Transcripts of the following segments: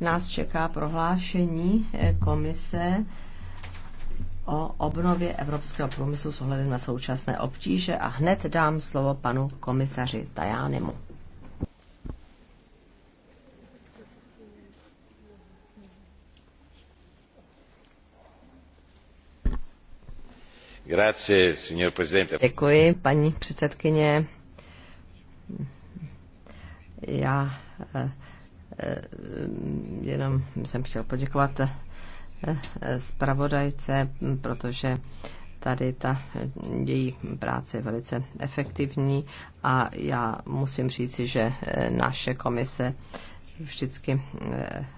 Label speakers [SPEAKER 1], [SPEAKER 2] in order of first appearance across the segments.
[SPEAKER 1] nás čeká prohlášení eh, komise o obnově evropského průmyslu s ohledem na současné obtíže a hned dám slovo panu komisaři Tajánemu.
[SPEAKER 2] Grazie, signor Presidente.
[SPEAKER 1] Děkuji, paní předsedkyně. Já eh, Eh, jenom jsem chtěl poděkovat eh, zpravodajce, protože tady ta eh, její práce je velice efektivní a já musím říci, že naše komise vždycky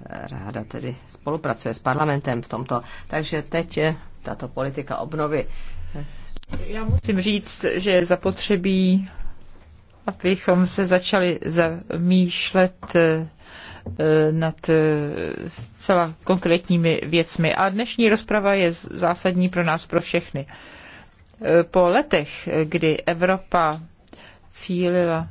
[SPEAKER 1] ráda tedy spolupracuje s parlamentem v tomto. Takže teď je tato politika obnovy. Já musím říct, že je zapotřebí,
[SPEAKER 3] abychom se začali zamýšlet Eh, nad eh, zcela konkrétními věcmi. A dnešní rozprava je zásadní pro nás, pro všechny. Eh, po letech, kdy Evropa cílila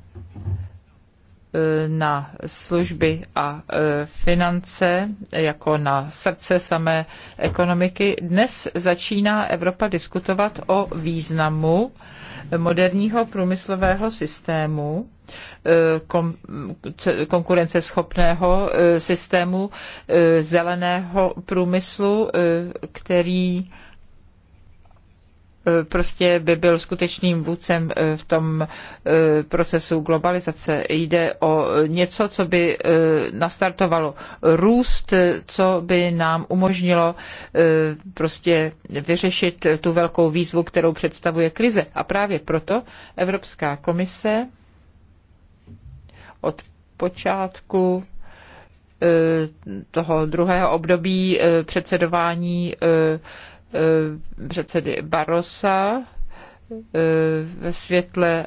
[SPEAKER 3] na služby a finance jako na srdce samé ekonomiky. Dnes začíná Evropa diskutovat o významu moderního průmyslového systému Eh, konkurenceschopného eh, systému eh, zeleného průmyslu, který prostě by byl skutečným vůdcem v tom procesu globalizace. Jde o něco, co by nastartovalo růst, co by nám umožnilo prostě vyřešit tu velkou výzvu, kterou představuje krize. A právě proto Evropská komise od počátku e, toho druhého období e, předsedování e, předsedy Barosa ve světle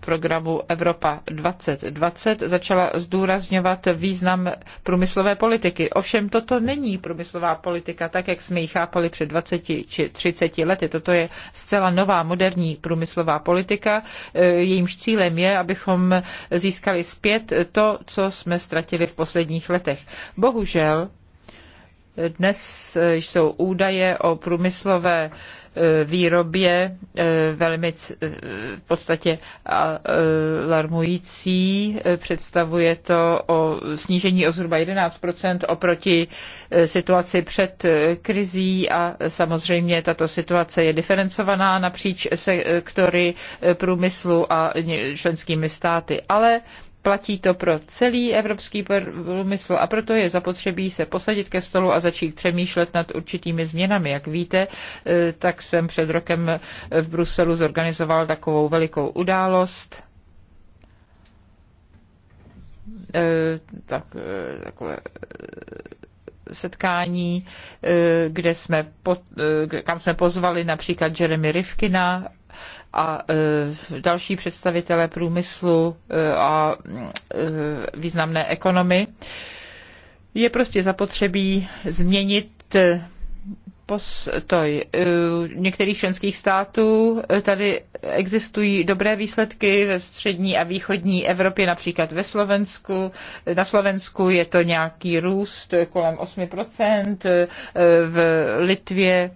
[SPEAKER 3] programu Evropa 2020 začala zdůrazňovat význam průmyslové politiky. Ovšem toto není průmyslová politika, tak jak jsme ji chápali před 20 či 30 lety. Toto je zcela nová moderní průmyslová politika. E, jejímž cílem je, abychom získali zpět to, co jsme ztratili v posledních letech. Bohužel dnes jsou údaje o průmyslové Eh, výrobě eh, velmi eh, v podstatě alarmující. Představuje to o snížení o zhruba 11 oproti situaci před krizí a samozřejmě tato situace je diferencovaná napříč sektory průmyslu a členskými státy. Ale Platí to pro celý evropský průmysl a proto je zapotřebí se posadit ke stolu a začít přemýšlet nad určitými změnami. Jak víte, eh, tak jsem před rokem v Bruselu zorganizoval takovou velikou událost eh, tak, eh, takové setkání, kde jsme, kam jsme pozvali například Jeremy Rivkina a e, další představitelé průmyslu e, a e, významné ekonomy, je prostě zapotřebí změnit postoj některých členských států. Eh, tady existují dobré výsledky ve střední a východní Evropě, například ve Slovensku. Na Slovensku je to nějaký růst kolem 8%, eh, v Litvě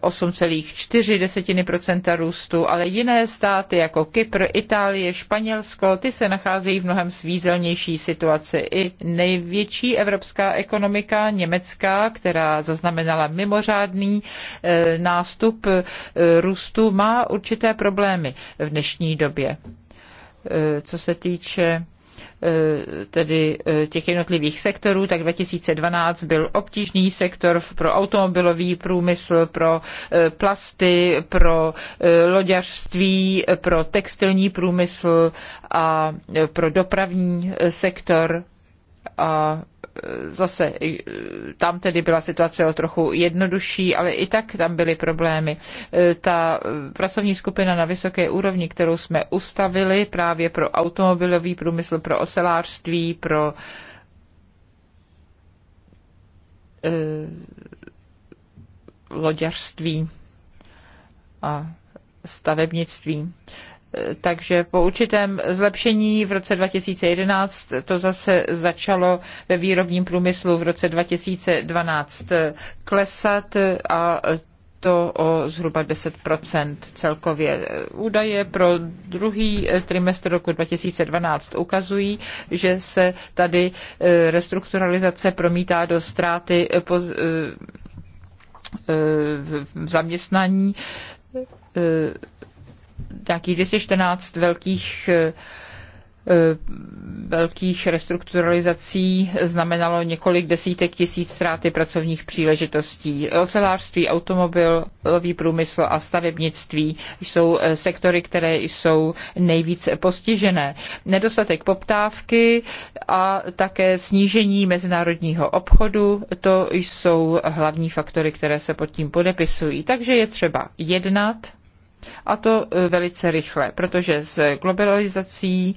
[SPEAKER 3] 8,4% eh, růstu, ale jiné státy jako Kypr, Itálie, Španělsko, ty se nacházejí v mnohem svízelnější situaci. I největší evropská ekonomika, německá, která zaznamenala mimo mimořádný eh, nástup eh, růstu má určité problémy v dnešní době. Eh, co se týče tedy těch jednotlivých sektorů, tak 2012 byl obtížný sektor pro automobilový průmysl, pro plasty, pro loďařství, pro textilní průmysl a pro dopravní sektor a zase e, tam tedy byla situace o trochu jednodušší, ale i tak tam byly problémy. E, ta pracovní skupina na vysoké úrovni, kterou jsme ustavili právě pro automobilový průmysl, pro ocelářství, pro e, loďařství a stavebnictví. Takže po určitém zlepšení v roce 2011 to zase začalo ve výrobním průmyslu v roce 2012 klesat a to o zhruba 10 celkově. Údaje pro druhý trimestr roku 2012 ukazují, že se tady eh, restrukturalizace promítá do ztráty eh, eh, v zaměstnaní nějakých 214 velkých eh, eh, velkých restrukturalizací znamenalo několik desítek tisíc ztráty pracovních příležitostí. Ocelářství, automobilový průmysl a stavebnictví jsou eh, sektory, které jsou nejvíce postižené. Nedostatek poptávky a také snížení mezinárodního obchodu, to jsou hlavní faktory, které se pod tím podepisují. Takže je třeba jednat, a to e, velice rychle, protože s globalizací e,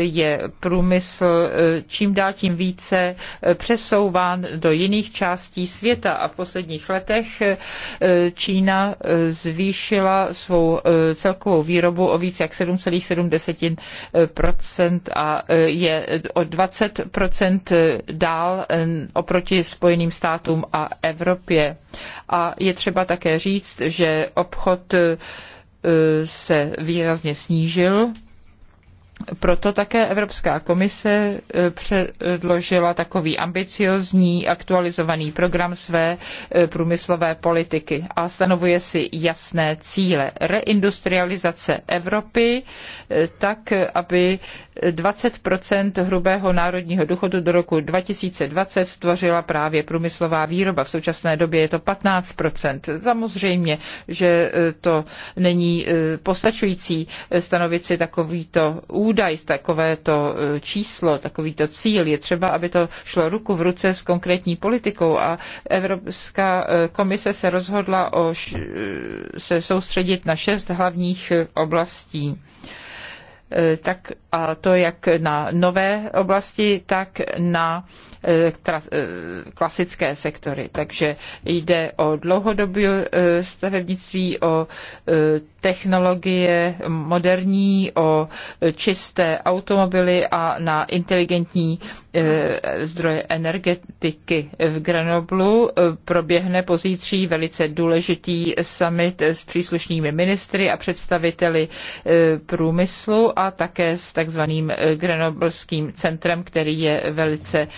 [SPEAKER 3] je průmysl e, čím dál tím více přesouván do jiných částí světa a v posledních letech Čína zvýšila svou celkovou výrobu o více jak 7,7% a je o 20% dál oproti Spojeným státům a Evropě. A je třeba také říct, že obchod Eh, se výrazně snížil proto také Evropská komise eh, předložila takový ambiciózní aktualizovaný program své eh, průmyslové politiky a stanovuje si jasné cíle. Reindustrializace Evropy eh, tak, aby 20 hrubého národního důchodu do roku 2020 tvořila právě průmyslová výroba. V současné době je to 15 Samozřejmě, že to není postačující stanovit si takovýto údaj údaj, takovéto e, číslo, takovýto cíl. Je třeba, aby to šlo ruku v ruce s konkrétní politikou a Evropská e, komise se rozhodla o, e, se soustředit na šest hlavních oblastí tak a to jak na nové oblasti, tak na e, e, klasické sektory. Takže jde o dlouhodobě e, stavebnictví, o technologie moderní, o čisté automobily a na inteligentní zdroje energetiky. V Grenoblu proběhne pozítří velice důležitý summit s příslušnými ministry a představiteli průmyslu a také s tak takzvaným eh, Grenoblským centrem, který je velice eh,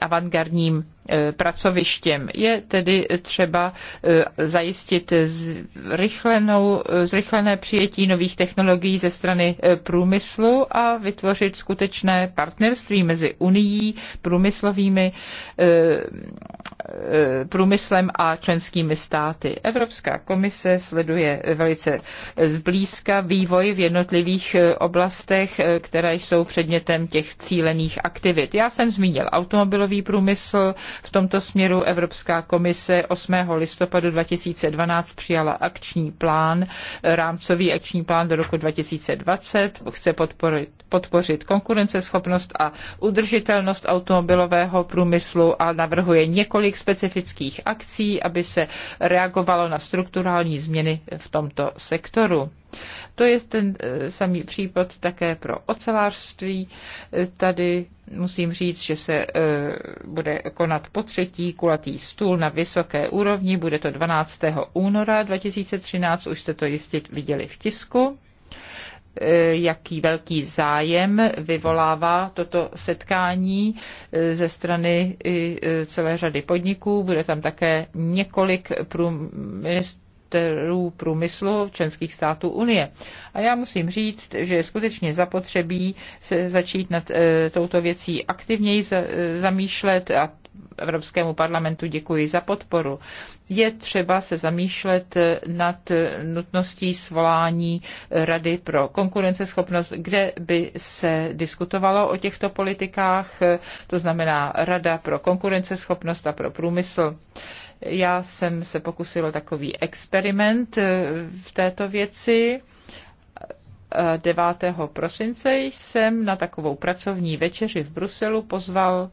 [SPEAKER 3] avantgardním E, pracovištěm. Je tedy třeba e, zajistit zrychlenou, e, zrychlené přijetí nových technologií ze strany průmyslu a vytvořit skutečné partnerství mezi Unií, průmyslovými průmyslem a členskými státy. Evropská komise sleduje velice zblízka vývoj v jednotlivých oblastech, které jsou předmětem těch cílených aktivit. Já jsem zmínil automobilový průmysl, v tomto směru Evropská komise 8. listopadu 2012 přijala akční plán, rámcový akční plán do roku 2020. Chce podporit, podpořit konkurenceschopnost a udržitelnost automobilového průmyslu a navrhuje několik specifických akcí, aby se reagovalo na strukturální změny v tomto sektoru. To je ten eh, samý případ také pro ocelářství. Eh, tady musím říct, že se eh, bude konat po třetí kulatý stůl na vysoké úrovni. Bude to 12. února 2013, už jste to jistě viděli v tisku jaký velký zájem vyvolává toto setkání ze strany celé řady podniků. Bude tam také několik průmysl sektorů průmyslu členských států Unie. A já musím říct, že je skutečně zapotřebí se začít nad eh, touto věcí aktivněji eh, zamýšlet a Evropskému parlamentu děkuji za podporu. Je třeba se zamýšlet eh, nad nutností svolání Rady pro konkurenceschopnost, kde by se diskutovalo o těchto politikách, to znamená Rada pro konkurenceschopnost a pro průmysl. Já jsem se pokusila takový experiment eh, v této věci. 9. prosince jsem na takovou pracovní večeři v Bruselu pozval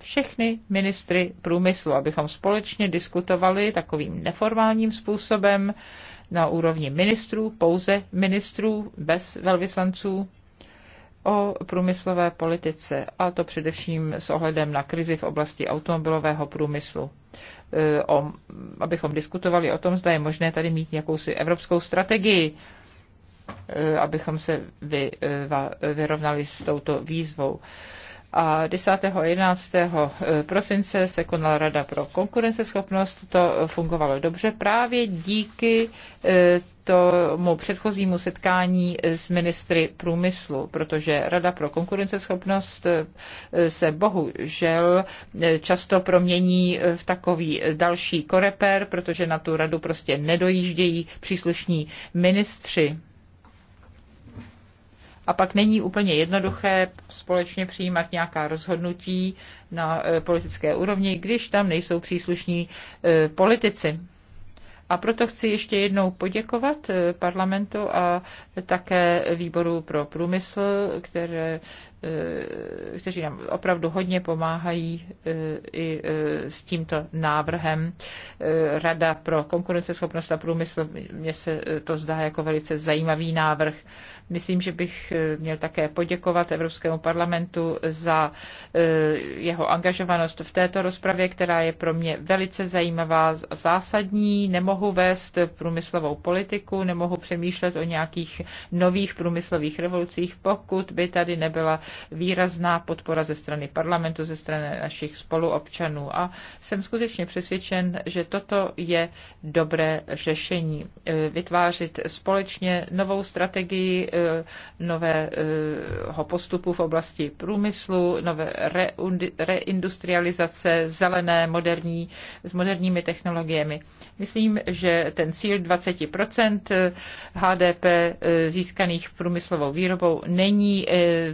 [SPEAKER 3] všechny ministry průmyslu, abychom společně diskutovali takovým neformálním způsobem na úrovni ministrů, pouze ministrů, bez velvyslanců o průmyslové politice, a to především s ohledem na krizi v oblasti automobilového průmyslu. E, o, abychom diskutovali o tom, zda je možné tady mít jakousi evropskou strategii, e, abychom se vy, e, vyrovnali s touto výzvou. A 10. a 11. prosince se konala Rada pro konkurenceschopnost. To fungovalo dobře právě díky tomu předchozímu setkání s ministry průmyslu, protože Rada pro konkurenceschopnost eh, se bohužel eh, často promění eh, v takový další koreper, protože na tu radu prostě nedojíždějí příslušní ministři a pak není úplně jednoduché společně přijímat nějaká rozhodnutí na politické úrovni, když tam nejsou příslušní politici. A proto chci ještě jednou poděkovat eh, parlamentu a také výboru pro průmysl, které, eh, kteří nám opravdu hodně pomáhají eh, i s tímto návrhem. Rada pro konkurenceschopnost a průmysl, mně se to zdá jako velice zajímavý návrh. Myslím, že bych eh, měl také poděkovat Evropskému parlamentu za eh, jeho angažovanost v této rozpravě, která je pro mě velice zajímavá, zásadní. Nemohu vést průmyslovou politiku, nemohu přemýšlet o nějakých nových průmyslových revolucích, pokud by tady nebyla výrazná podpora ze strany parlamentu, ze strany našich spoluobčanů. A jsem skutečně přesvědčen, že toto je dobré řešení. Eh, vytvářit společně novou strategii Eh, nového eh, postupu v oblasti průmyslu, nové reindustrializace, zelené, moderní, s moderními technologiemi. Myslím, že ten cíl 20% eh, HDP získaných průmyslovou výrobou není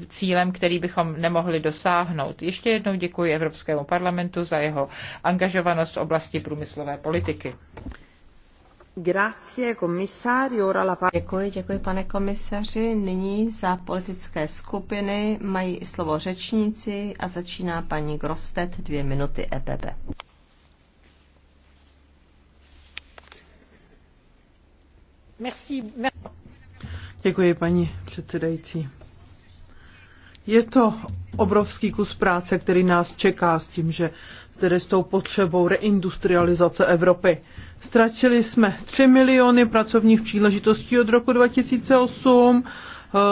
[SPEAKER 3] cílem, který bychom nemohli dosáhnout. Ještě jednou děkuji Evropskému parlamentu za jeho angažovanost v oblasti průmyslové politiky.
[SPEAKER 1] Děkuji, děkuji, pane komisaři. Nyní za politické skupiny mají slovo řečníci a začíná paní Grostet, dvě minuty EPP.
[SPEAKER 2] Děkuji, paní předsedající. Je to obrovský kus práce, který nás čeká s tím, že tedy s tou potřebou reindustrializace Evropy Ztratili jsme 3 miliony pracovních příležitostí od roku 2008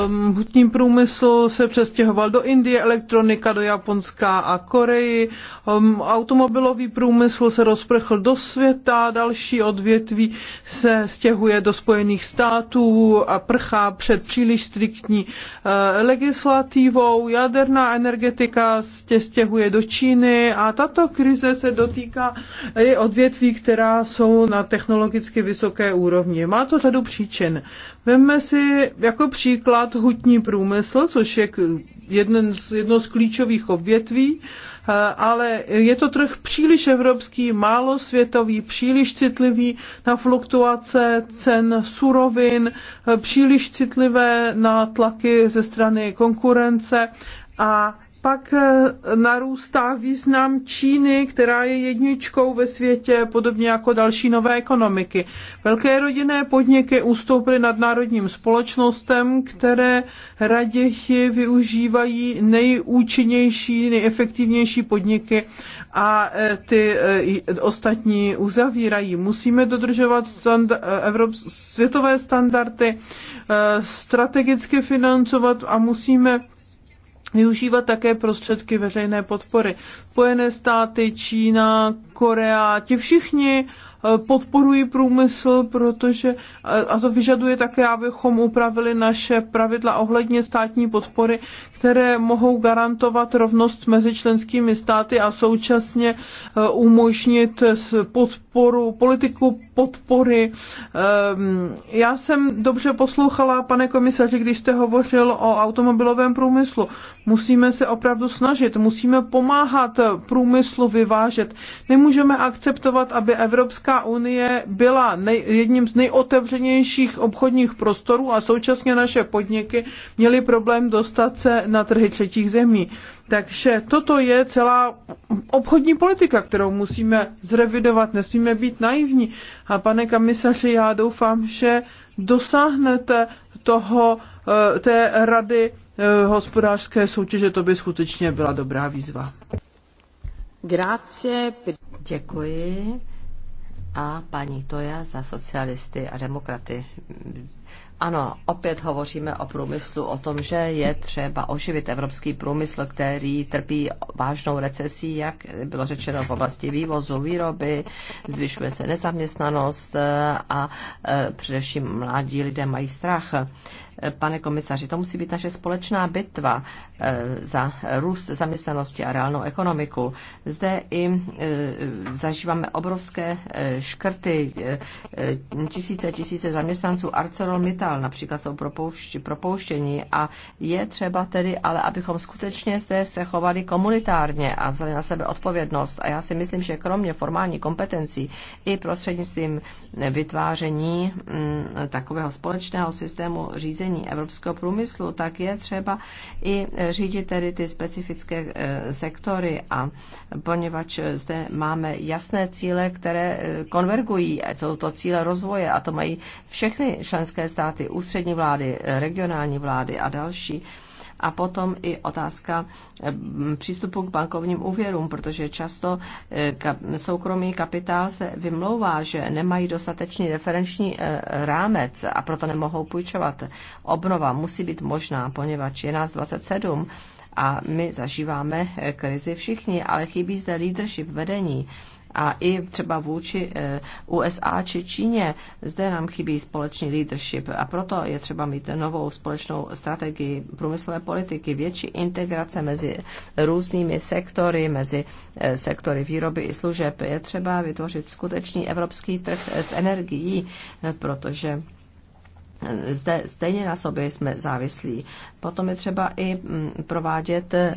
[SPEAKER 2] um, hutní průmysl se přestěhoval do Indie, elektronika do Japonska a Koreji, um, automobilový průmysl se rozprchl do světa, další odvětví se stěhuje do Spojených států a prchá před příliš striktní uh, legislativou, jaderná energetika se stěhuje do Číny a tato krize se dotýká i odvětví, která jsou na technologicky vysoké úrovni. Má to řadu příčin. Vemme si jako příklad hutní průmysl, což je jeden z, jedno z klíčových odvětví, eh, ale je to trh příliš evropský, málo světový, příliš citlivý na fluktuace cen surovin, eh, příliš citlivé na tlaky ze strany konkurence a pak eh, narůstá význam Číny, která je jedničkou ve světě, podobně jako další nové ekonomiky. Velké rodinné podniky ustoupily nadnárodním společnostem, které raději využívají nejúčinnější, nejefektivnější podniky a eh, ty eh, ostatní uzavírají. Musíme dodržovat standa- Evrop- světové standardy, strategicky financovat a musíme využívat také prostředky veřejné podpory. Spojené státy, Čína, Korea, ti všichni eh, podporují průmysl, protože eh, a to vyžaduje také, abychom upravili naše pravidla ohledně státní podpory, které mohou garantovat rovnost mezi členskými státy a současně e, umožnit podporu, politiku podpory. E, já jsem dobře poslouchala, pane komisaři, když jste hovořil o automobilovém průmyslu. Musíme se opravdu snažit, musíme pomáhat průmyslu vyvážet. Nemůžeme akceptovat, aby Evropská unie byla nej, jedním z nejotevřenějších obchodních prostorů a současně naše podniky měly problém dostat se na trhy třetích zemí. Takže toto je celá obchodní politika, kterou musíme zrevidovat, nesmíme být naivní. A pane komisaři, já doufám, že dosáhnete toho, eh, té rady eh, hospodářské soutěže, to by skutečně byla dobrá výzva.
[SPEAKER 1] Grácie, děkuji. A paní Toja za socialisty a demokraty. Ano, opět hovoříme o průmyslu, o tom, že je třeba oživit evropský průmysl, který trpí vážnou recesí, jak bylo řečeno v oblasti vývozu, výroby, zvyšuje se nezaměstnanost eh, a eh, především mladí lidé mají strach pane komisaři, to musí být naše společná bitva eh, za růst zaměstnanosti a reálnou ekonomiku. Zde i eh, zažíváme obrovské eh, škrty, tisíce, tisíce zaměstnanců ArcelorMittal například jsou propouštění a je třeba tedy, ale abychom skutečně zde se chovali komunitárně a vzali na sebe odpovědnost. A já si myslím, že kromě formální kompetencí i prostřednictvím vytváření mm, takového společného systému řízení řízení evropského průmyslu, tak je třeba i řídit tedy ty specifické e, sektory a poněvadž zde máme jasné cíle, které e, konvergují, jsou to cíle rozvoje a to mají všechny členské státy, ústřední vlády, regionální vlády a další. A potom i otázka eh, přístupu k bankovním úvěrům, protože často eh, soukromý kapitál se vymlouvá, že nemají dostatečný referenční eh, rámec a proto nemohou půjčovat. Obnova musí být možná, poněvadž je nás 27 a my zažíváme krizi všichni, ale chybí zde leadership vedení a i třeba vůči eh, USA či Číně. Zde nám chybí společný leadership a proto je třeba mít novou společnou strategii průmyslové politiky, větší integrace mezi různými sektory, mezi eh, sektory výroby i služeb. Je třeba vytvořit skutečný evropský trh s energií, eh, protože zde stejně na sobě jsme závislí. Potom je třeba i mm, provádět e,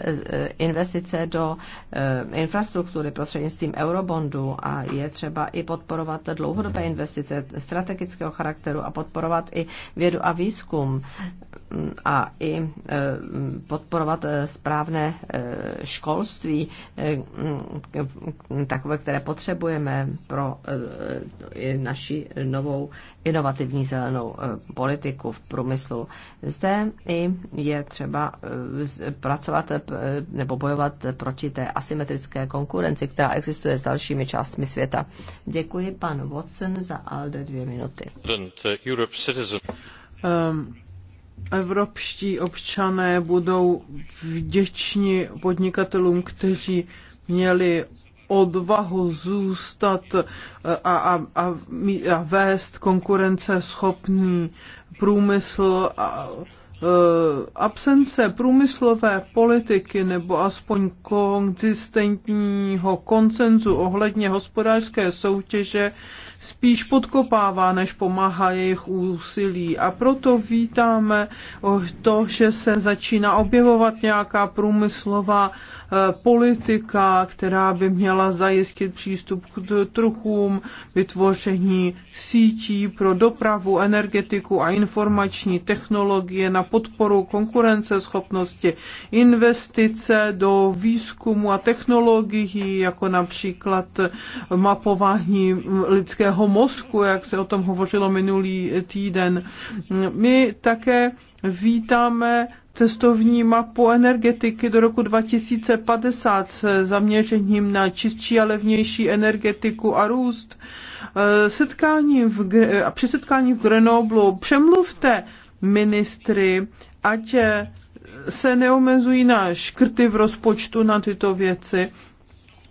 [SPEAKER 1] investice do e, infrastruktury prostřednictvím eurobondů a je třeba i podporovat dlouhodobé investice strategického charakteru a podporovat i vědu a výzkum mm, a i e, podporovat správné školství, mm, takové, které potřebujeme pro naši novou inovativní zelenou politiku v průmyslu. Zde i je třeba eh, pracovat eh, nebo bojovat proti té asymetrické konkurenci, která existuje s dalšími částmi světa. Děkuji pan Watson za ALDE dvě minuty.
[SPEAKER 2] Um, evropští občané budou vděční podnikatelům, kteří měli odvahu zůstat a, a, a, a vést konkurenceschopný průmysl a, Eh, absence průmyslové politiky nebo aspoň konzistentního koncenzu ohledně hospodářské soutěže spíš podkopává, než pomáhá jejich úsilí. A proto vítáme to, že se začíná objevovat nějaká průmyslová eh, politika, která by měla zajistit přístup k truchům, vytvoření sítí pro dopravu, energetiku a informační technologie na podporu konkurenceschopnosti, investice do výzkumu a technologií, jako například mapování lidského zdravého mozku, jak se o tom hovořilo minulý týden. My také vítáme cestovní mapu energetiky do roku 2050 s zaměřením na čistší a levnější energetiku a růst. Eh, setkání v, eh, při setkání v Grenoblu přemluvte ministry, ať eh, se neomezují na škrty v rozpočtu na tyto věci.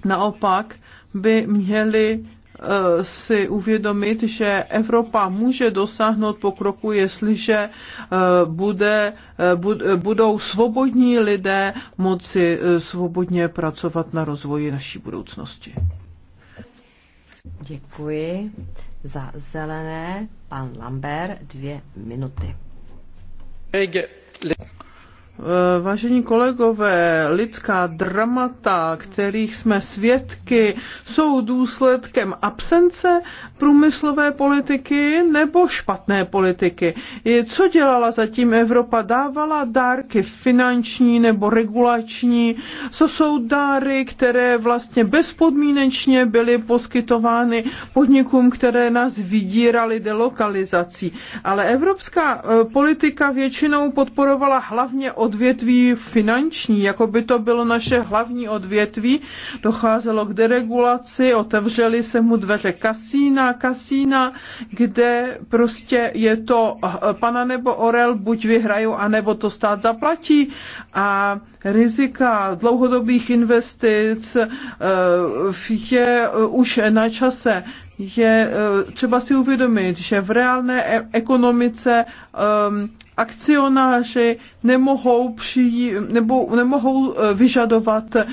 [SPEAKER 2] Naopak by měli Eh, si uvědomit, že Evropa může dosáhnout pokroku, jestliže eh, bude, eh, budou svobodní lidé moci svobodně pracovat na rozvoji naší budoucnosti.
[SPEAKER 1] Děkuji. Za zelené pan Lambert dvě minuty. Eh, vážení kolegové, lidská
[SPEAKER 2] dramata, kterých jsme svědky, jsou důsledkem absence průmyslové politiky nebo špatné politiky. Eh, co dělala zatím Evropa? Dávala dárky finanční nebo regulační. Co jsou dáry, které vlastně bezpodmínečně byly poskytovány podnikům, které nás vydíraly delokalizací. Ale evropská eh, politika většinou podporovala hlavně odvětví finanční, jako by to bylo naše hlavní odvětví. Docházelo k deregulaci, otevřeli se mu dveře kasína, kasína, kde prostě je to eh, pana nebo orel, buď vyhraju, anebo to stát zaplatí. A rizika dlouhodobých investic eh, je už na čase je eh, třeba si uvědomit, že v reálné e- ekonomice um, akcionáři nemohou, přijít, nebo nemohou eh, vyžadovat eh,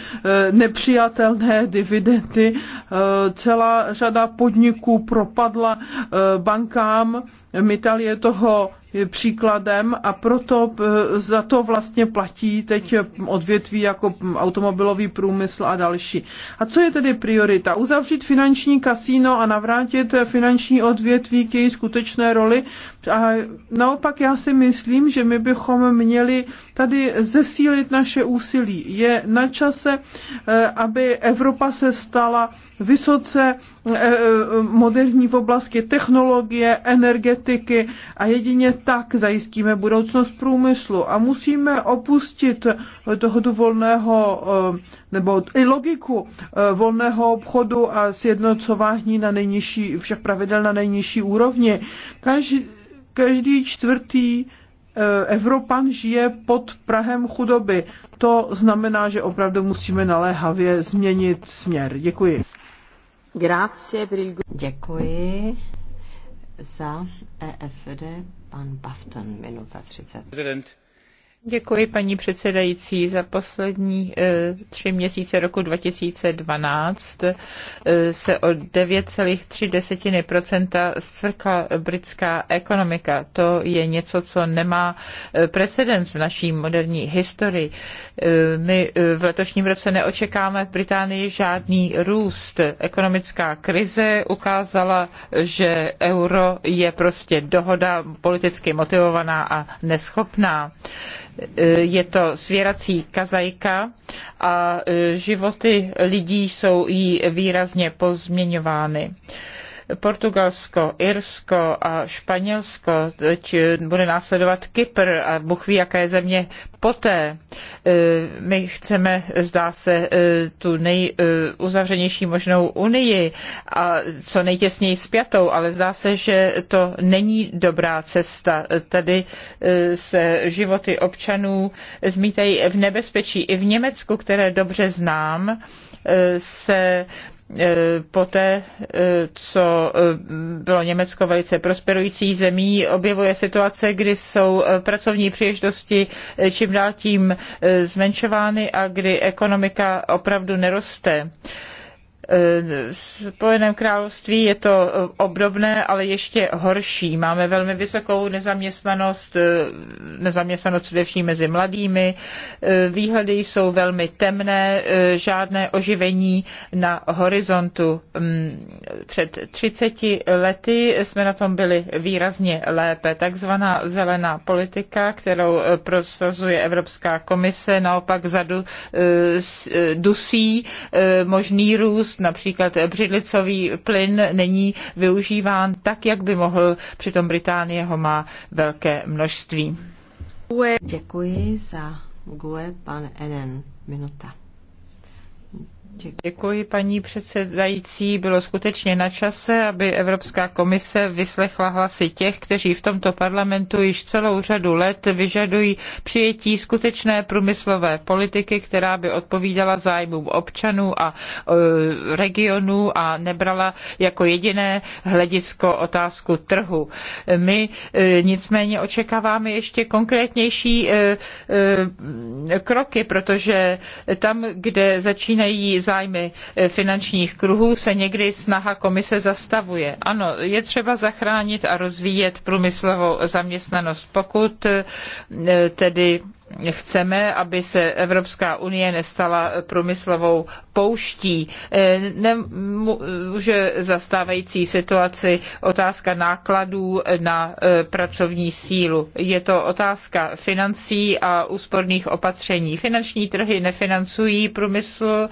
[SPEAKER 2] nepřijatelné dividendy. Celá řada podniků propadla bankám Mital je toho příkladem a proto eh, za to vlastně platí teď odvětví jako automobilový průmysl a další. A co je tedy priorita? Uzavřít finanční kasíno a navrátit finanční odvětví k její skutečné roli. A naopak já si myslím, že my bychom měli tady zesílit naše úsilí. Je na čase, eh, aby Evropa se stala vysoce eh, eh, moderní v oblasti technologie, energetiky a jedině tak zajistíme budoucnost průmyslu. A musíme opustit dohodu volného, eh, nebo i logiku volného obchodu a sjednocování na nejnižší, všech pravidel na nejnižší úrovni. Každý, každý čtvrtý Evropan žije pod Prahem chudoby. To znamená, že opravdu musíme naléhavě změnit směr. Děkuji.
[SPEAKER 1] Děkuji za EFD, pan Bafton, minuta 30.
[SPEAKER 3] Děkuji paní předsedající. Za poslední eh, tři měsíce roku 2012 eh, se o 9,3% zcvrkla britská ekonomika. To je něco, co nemá eh, precedens v naší moderní historii. My v letošním roce neočekáme v Británii žádný růst. Ekonomická krize ukázala, že euro je prostě dohoda politicky motivovaná a neschopná E, je to svěrací kazajka a e, životy lidí jsou jí výrazně pozměňovány. Portugalsko, Irsko a Španělsko, teď bude následovat Kypr a Bůh ví, jaké země poté. E, my chceme, zdá se, e, tu nejuzavřenější možnou unii a co nejtěsněji spjatou, ale zdá se, že to není dobrá cesta. Tady e, se životy občanů zmítají v nebezpečí. I v Německu, které dobře znám, se E, poté, e, co e, bylo Německo velice prosperující zemí, objevuje situace, kdy jsou pracovní příležitosti čím dál tím zmenšovány a kdy ekonomika opravdu neroste. Eh, v Spojeném království je to eh, obdobné, ale ještě horší. Máme velmi vysokou nezaměstnanost, eh, nezaměstnanost především mezi mladými. Výhledy jsou velmi temné, žádné oživení na horizontu. Mm, před 30 lety jsme na tom byli výrazně lépe. Takzvaná zelená politika, kterou prosazuje Evropská komise, naopak zadu dusí možný růst Například břidlicový plyn není využíván tak, jak by mohl, přitom Británie ho má velké množství.
[SPEAKER 1] Děkuji za GUE, pan Enen. Minuta.
[SPEAKER 3] Děkuji, paní předsedající. Bylo skutečně na čase, aby Evropská komise vyslechla hlasy těch, kteří v tomto parlamentu již celou řadu let vyžadují přijetí skutečné průmyslové politiky, která by odpovídala zájmům občanů a e, regionů a nebrala jako jediné hledisko otázku trhu. My e, nicméně očekáváme ještě konkrétnější e, kroky, protože tam, kde začínají zájmy eh, finančních kruhů se někdy snaha komise zastavuje. Ano, je třeba zachránit a rozvíjet průmyslovou zaměstnanost, pokud eh, tedy chceme, aby se Evropská unie nestala průmyslovou pouští. Eh, Nemůže zastávající situaci otázka nákladů na eh, pracovní sílu. Je to otázka financí a úsporných opatření. Finanční trhy nefinancují průmysl,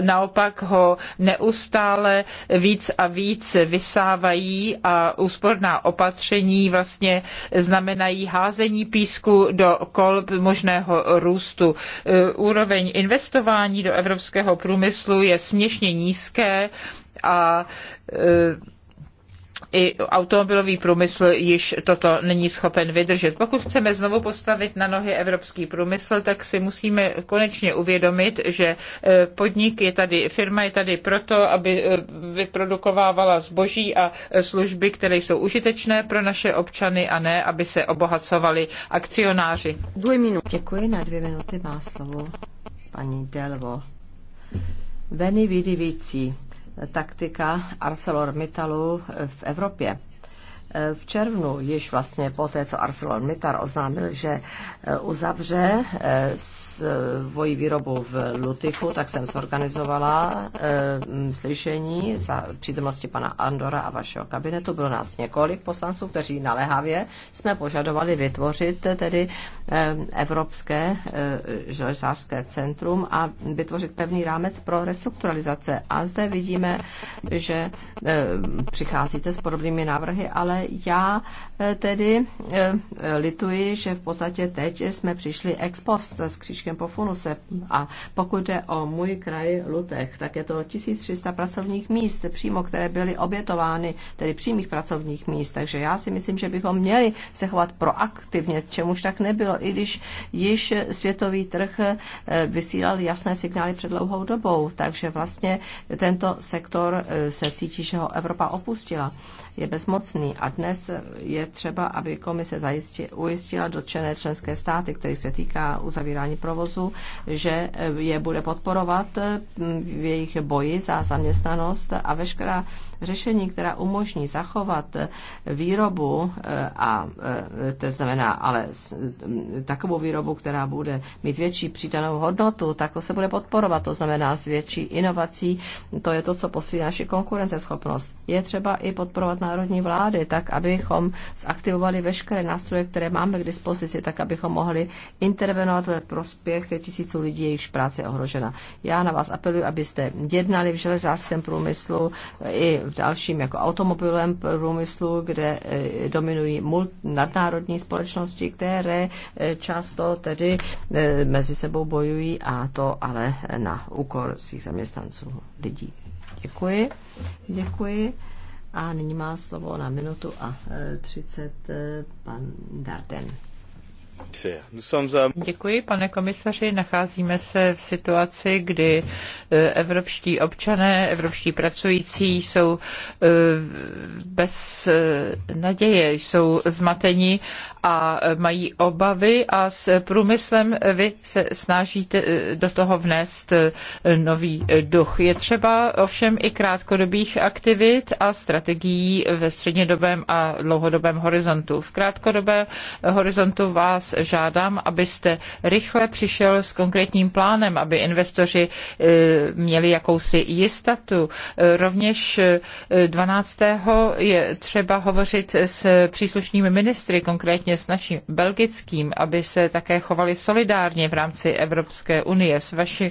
[SPEAKER 3] naopak ho neustále víc a víc vysávají a úsporná opatření vlastně znamenají házení písku do kolb možného růstu. Eh, úroveň investování do evropského průmyslu průmyslu je směšně nízké a e, i automobilový průmysl již toto není schopen vydržet. Pokud chceme znovu postavit na nohy evropský průmysl, tak si musíme konečně uvědomit, že e, podnik je tady, firma je tady proto, aby e, vyprodukovávala zboží a služby, které jsou užitečné pro naše občany a ne, aby se obohacovali
[SPEAKER 1] akcionáři. Dvě minuty. Děkuji, na dvě minuty má slovo paní Delvo. Veni vidi vici, taktika ArcelorMittalu v Evropě v červnu, již vlastně po té, co ArcelorMittal oznámil, že e, uzavře e, svoji výrobu v Lutychu, tak jsem zorganizovala e, slyšení za přítomnosti pana Andora a vašeho kabinetu. Bylo nás několik poslanců, kteří naléhavě jsme požadovali vytvořit tedy Evropské železářské centrum a vytvořit pevný rámec pro restrukturalizace. A zde vidíme, že přicházíte s podobnými návrhy, ale já eh, tedy eh, lituji, že v podstatě teď jsme přišli ex post s křížkem po funuse a pokud jde o můj kraj Lutech, tak je to 1300 pracovních míst přímo, které byly obětovány, tedy přímých pracovních míst, takže já si myslím, že bychom měli se chovat proaktivně, čemuž tak nebylo, i když již světový trh eh, vysílal jasné signály před dlouhou dobou, takže vlastně tento sektor se cítí, že ho Evropa opustila, je bezmocný a dnes je třeba, aby komise zajistila, ujistila dotčené členské státy, které se týká uzavírání provozu, že eh, je bude podporovat mm, v jejich boji za zaměstnanost a veškerá řešení, která umožní zachovat eh, výrobu eh, a eh, to znamená ale mm, takovou výrobu, která bude mít větší přidanou hodnotu, tak to se bude podporovat, to znamená s větší inovací, to je to, co posílí naši konkurenceschopnost. Je třeba i podporovat národní vlády, tak abychom zaktivovali veškeré nástroje, které máme k dispozici, tak abychom mohli intervenovat ve prospěch tisíců lidí, jejichž práce je ohrožena. Já na vás apeluji, abyste jednali v železářském průmyslu i v dalším jako automobilovém průmyslu, kde eh, dominují nadnárodní společnosti, které eh, často tedy eh, mezi sebou bojují a to ale na úkor svých zaměstnanců lidí. Děkuji. Děkuji. A nyní má slovo na minutu a 30 pan Darden.
[SPEAKER 3] Děkuji, pane komisaři. Nacházíme se v situaci, kdy eh, evropští občané, evropští pracující jsou eh, bez eh, naděje, jsou zmateni a mají obavy a s průmyslem vy se snažíte do toho vnést nový duch. Je třeba ovšem i krátkodobých aktivit a strategií ve střednědobém a dlouhodobém horizontu. V krátkodobém horizontu vás žádám, abyste rychle přišel s konkrétním plánem, aby investoři e, měli jakousi jistotu. E, rovněž 12. E, je třeba hovořit s příslušnými ministry, konkrétně s naším belgickým, aby se také chovali solidárně v rámci Evropské unie. S vaším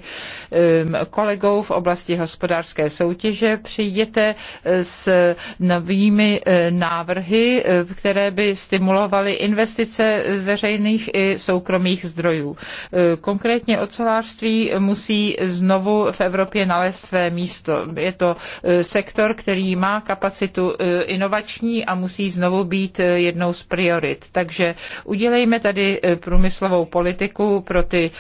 [SPEAKER 3] kolegou v oblasti hospodářské soutěže přijděte s novými návrhy, které by stimulovaly investice z veřejných veřejných i soukromých zdrojů. Eh, konkrétně ocelářství musí znovu v Evropě nalézt své místo. Je to eh, sektor, který má kapacitu eh, inovační a musí znovu být jednou z priorit. Takže udělejme tady průmyslovou politiku pro ty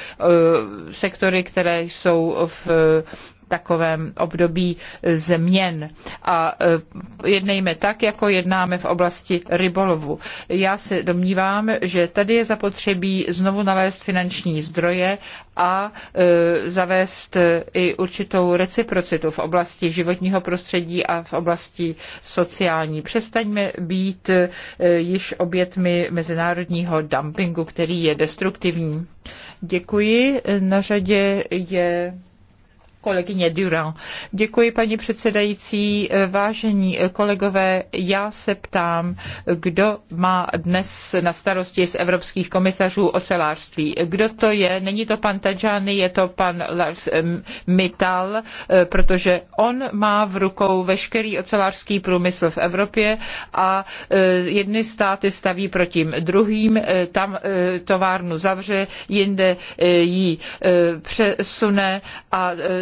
[SPEAKER 3] sektory, které jsou v takovém období změn. A e, jednejme tak, jako jednáme v oblasti rybolovu. Já se domnívám, že tady je zapotřebí znovu nalézt finanční zdroje a e, zavést i určitou reciprocitu v oblasti životního prostředí a v oblasti sociální. Přestaňme být e, již obětmi mezinárodního dumpingu, který je destruktivní. Děkuji. Na řadě je Kolegyně Durand. Děkuji, paní předsedající. Vážení kolegové, já se ptám, kdo má dnes na starosti z evropských komisařů ocelářství. Kdo to je? Není to pan Tajani, je to pan Lars Mittal, eh, protože on má v rukou veškerý ocelářský průmysl v Evropě a eh, jedny státy staví proti druhým, eh, tam továrnu zavře, jinde ji přesune a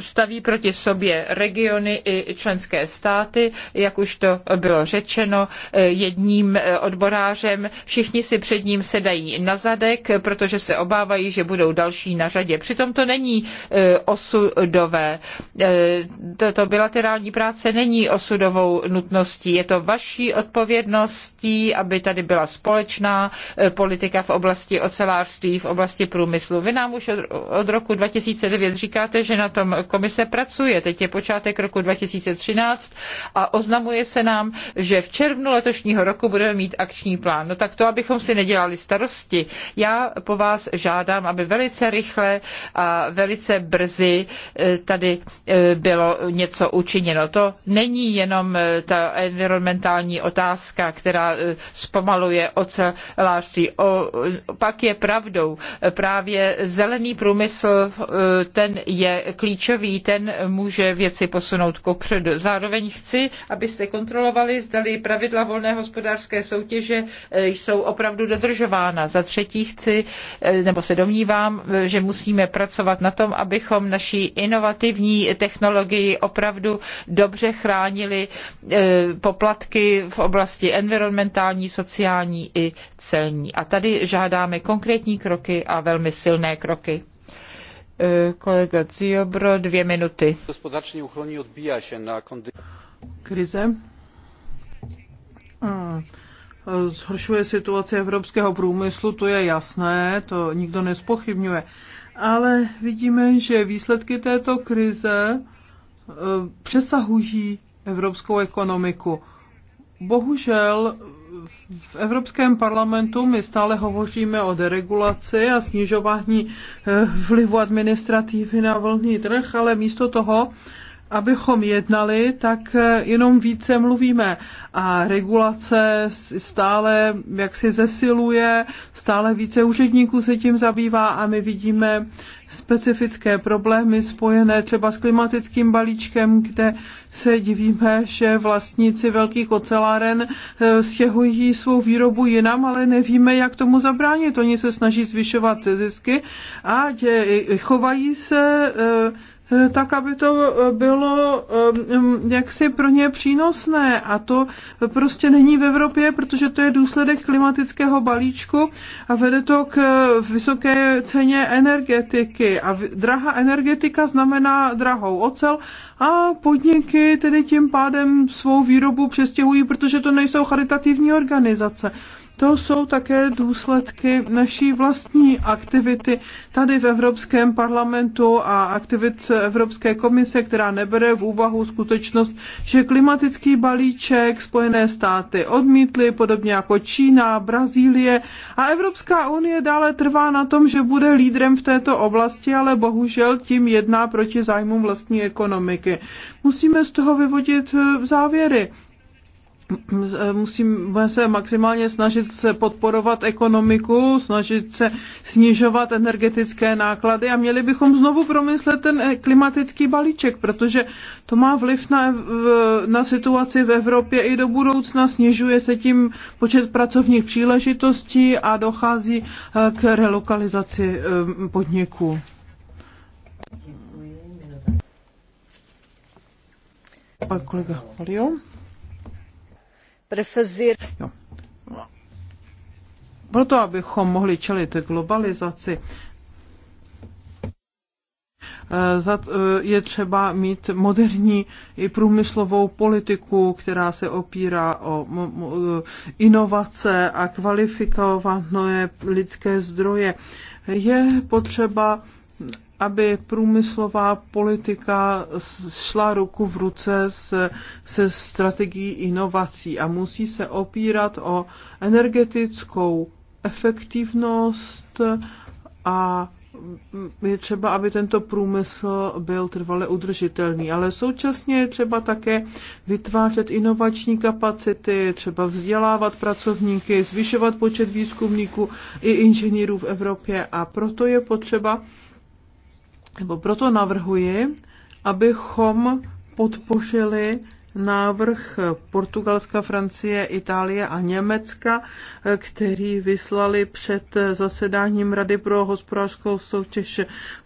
[SPEAKER 3] staví proti sobě regiony i členské státy, jak už to bylo řečeno, eh, jedním eh, odborářem. Všichni si před ním sedají na zadek, protože se obávají, že budou další na řadě. Přitom to není eh, osudové. Tato bilaterální práce není osudovou nutností. Je to vaší odpovědností, aby tady byla společná politika v oblasti ocelářství, v oblasti průmyslu. Vy nám už od roku 2009 říkáte, že na tom komise pracuje. Teď je počátek roku 2013 a oznamuje se nám, že v červnu letošního roku budeme mít akční plán. No tak to, abychom si nedělali starosti. Já po vás žádám, aby velice rychle a velice brzy eh, tady eh, bylo něco učiněno. To není jenom eh, ta environmentální otázka, která zpomaluje ocelářství. O, pak je pravdou, právě zelený průmysl, ten je klíč klíčový, ten může věci posunout kopředu. Zároveň chci, abyste kontrolovali, zdali pravidla volné hospodářské soutěže eh, jsou opravdu dodržována. Za třetí chci, eh, nebo se domnívám, eh, že musíme pracovat na tom, abychom naší inovativní technologii opravdu dobře chránili poplatky v oblasti environmentální, sociální i celní. A tady žádáme konkrétní kroky a velmi silné kroky. E, kolega Ziobro, dvě minuty.
[SPEAKER 2] Hospodářství uchroní odbíja se na kondici. Krize. Hmm. Zhoršuje situaci evropského průmyslu, to je jasné, to nikdo nespochybňuje. Ale vidíme, že výsledky této krize e, přesahují evropskou ekonomiku. Bohužel v Evropském parlamentu my stále hovoříme o deregulaci a snižování eh, vlivu administrativy na volný trh, ale místo toho abychom jednali, tak eh, jenom více mluvíme. A regulace stále jak si zesiluje, stále více úředníků se tím zabývá a my vidíme specifické problémy spojené třeba s klimatickým balíčkem, kde se divíme, že vlastníci velkých oceláren eh, stěhují svou výrobu jinam, ale nevíme, jak tomu zabránit. Oni se snaží zvyšovat zisky a chovají se eh, Eh, tak aby to eh, bylo eh, mm, jaksi pro ně přínosné. A to prostě není v Evropě, protože to je důsledek klimatického balíčku a vede to k vysoké ceně energetiky. A drahá energetika znamená drahou ocel a podniky tedy tím pádem svou výrobu přestěhují, protože to nejsou charitativní organizace. To jsou také důsledky naší vlastní aktivity tady v Evropském parlamentu a aktivit Evropské komise, která nebere v úvahu skutečnost, že klimatický balíček Spojené státy odmítly, podobně jako Čína, Brazílie a Evropská unie dále trvá na tom, že bude lídrem v této oblasti, ale bohužel tím jedná proti zájmům vlastní ekonomiky. Musíme z toho vyvodit závěry musíme se maximálně snažit se podporovat ekonomiku, snažit se snižovat energetické náklady a měli bychom znovu promyslet ten eh, klimatický balíček, protože to má vliv na, na situaci v Evropě i do budoucna, snižuje se tím počet pracovních příležitostí a dochází eh, k relokalizaci eh, podniků. Pan kolega Palio. Proto, abychom mohli čelit globalizaci, eh, eh, je třeba mít moderní i průmyslovou politiku, která se opírá o eh, inovace a kvalifikované lidské zdroje. Je potřeba aby průmyslová politika šla ruku v ruce se, se strategií inovací a musí se opírat o energetickou efektivnost a je třeba, aby tento průmysl byl trvale udržitelný, ale současně je třeba také vytvářet inovační kapacity, třeba vzdělávat pracovníky, zvyšovat počet výzkumníků i inženýrů v Evropě a proto je potřeba nebo proto navrhuji, abychom podpořili návrh Portugalska, Francie, Itálie a Německa, který vyslali před zasedáním Rady pro hospodářskou soutěž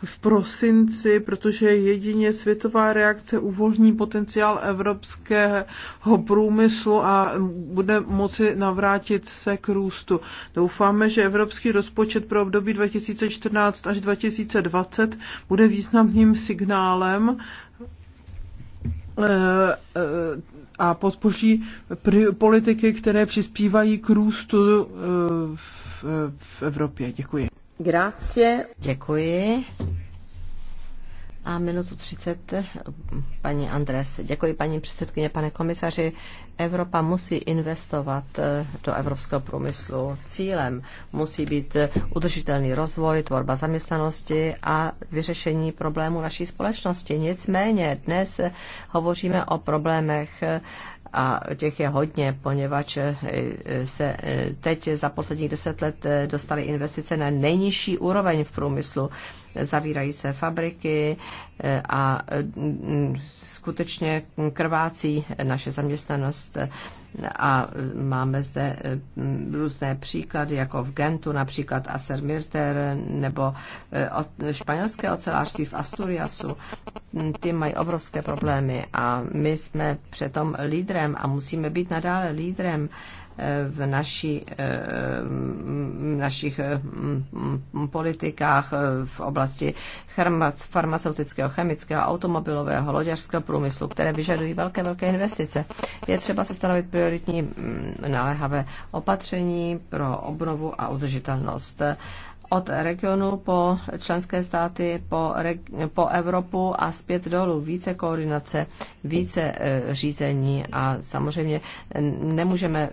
[SPEAKER 2] v prosinci, protože jedině světová reakce uvolní potenciál evropského průmyslu a bude moci navrátit se k růstu. Doufáme, že evropský rozpočet pro období 2014 až 2020 bude významným signálem, Eh, eh, a podpoří politiky, které přispívají k růstu eh, v Evropě. Děkuji.
[SPEAKER 1] Grazie. Děkuji. A minutu 30, paní Andres. Děkuji, paní předsedkyně, pane komisaři. Evropa musí investovat eh, do evropského průmyslu. Cílem musí být eh, udržitelný rozvoj, tvorba zaměstnanosti a vyřešení problémů naší společnosti. Nicméně dnes eh, hovoříme o problémech a těch je hodně, poněvadž se teď za posledních deset let dostaly investice na nejnižší úroveň v průmyslu zavírají se fabriky eh, a mm, skutečně krvácí naše zaměstnanost a eh, máme zde eh, různé příklady, jako v Gentu například Acer Mirter nebo španělské ocelářství v Asturiasu. Mm, ty mají obrovské problémy a my jsme přitom lídrem a musíme být nadále lídrem v, naší, eh, v našich eh, mm, politikách eh, v oblasti farmaceutického, chemického, automobilového, loďařského průmyslu, které vyžadují velké, velké investice. Je třeba se stanovit prioritní mm, naléhavé opatření pro obnovu a udržitelnost od regionu po členské státy, po, po Evropu a zpět dolů. Více koordinace, více e, řízení a samozřejmě nemůžeme e,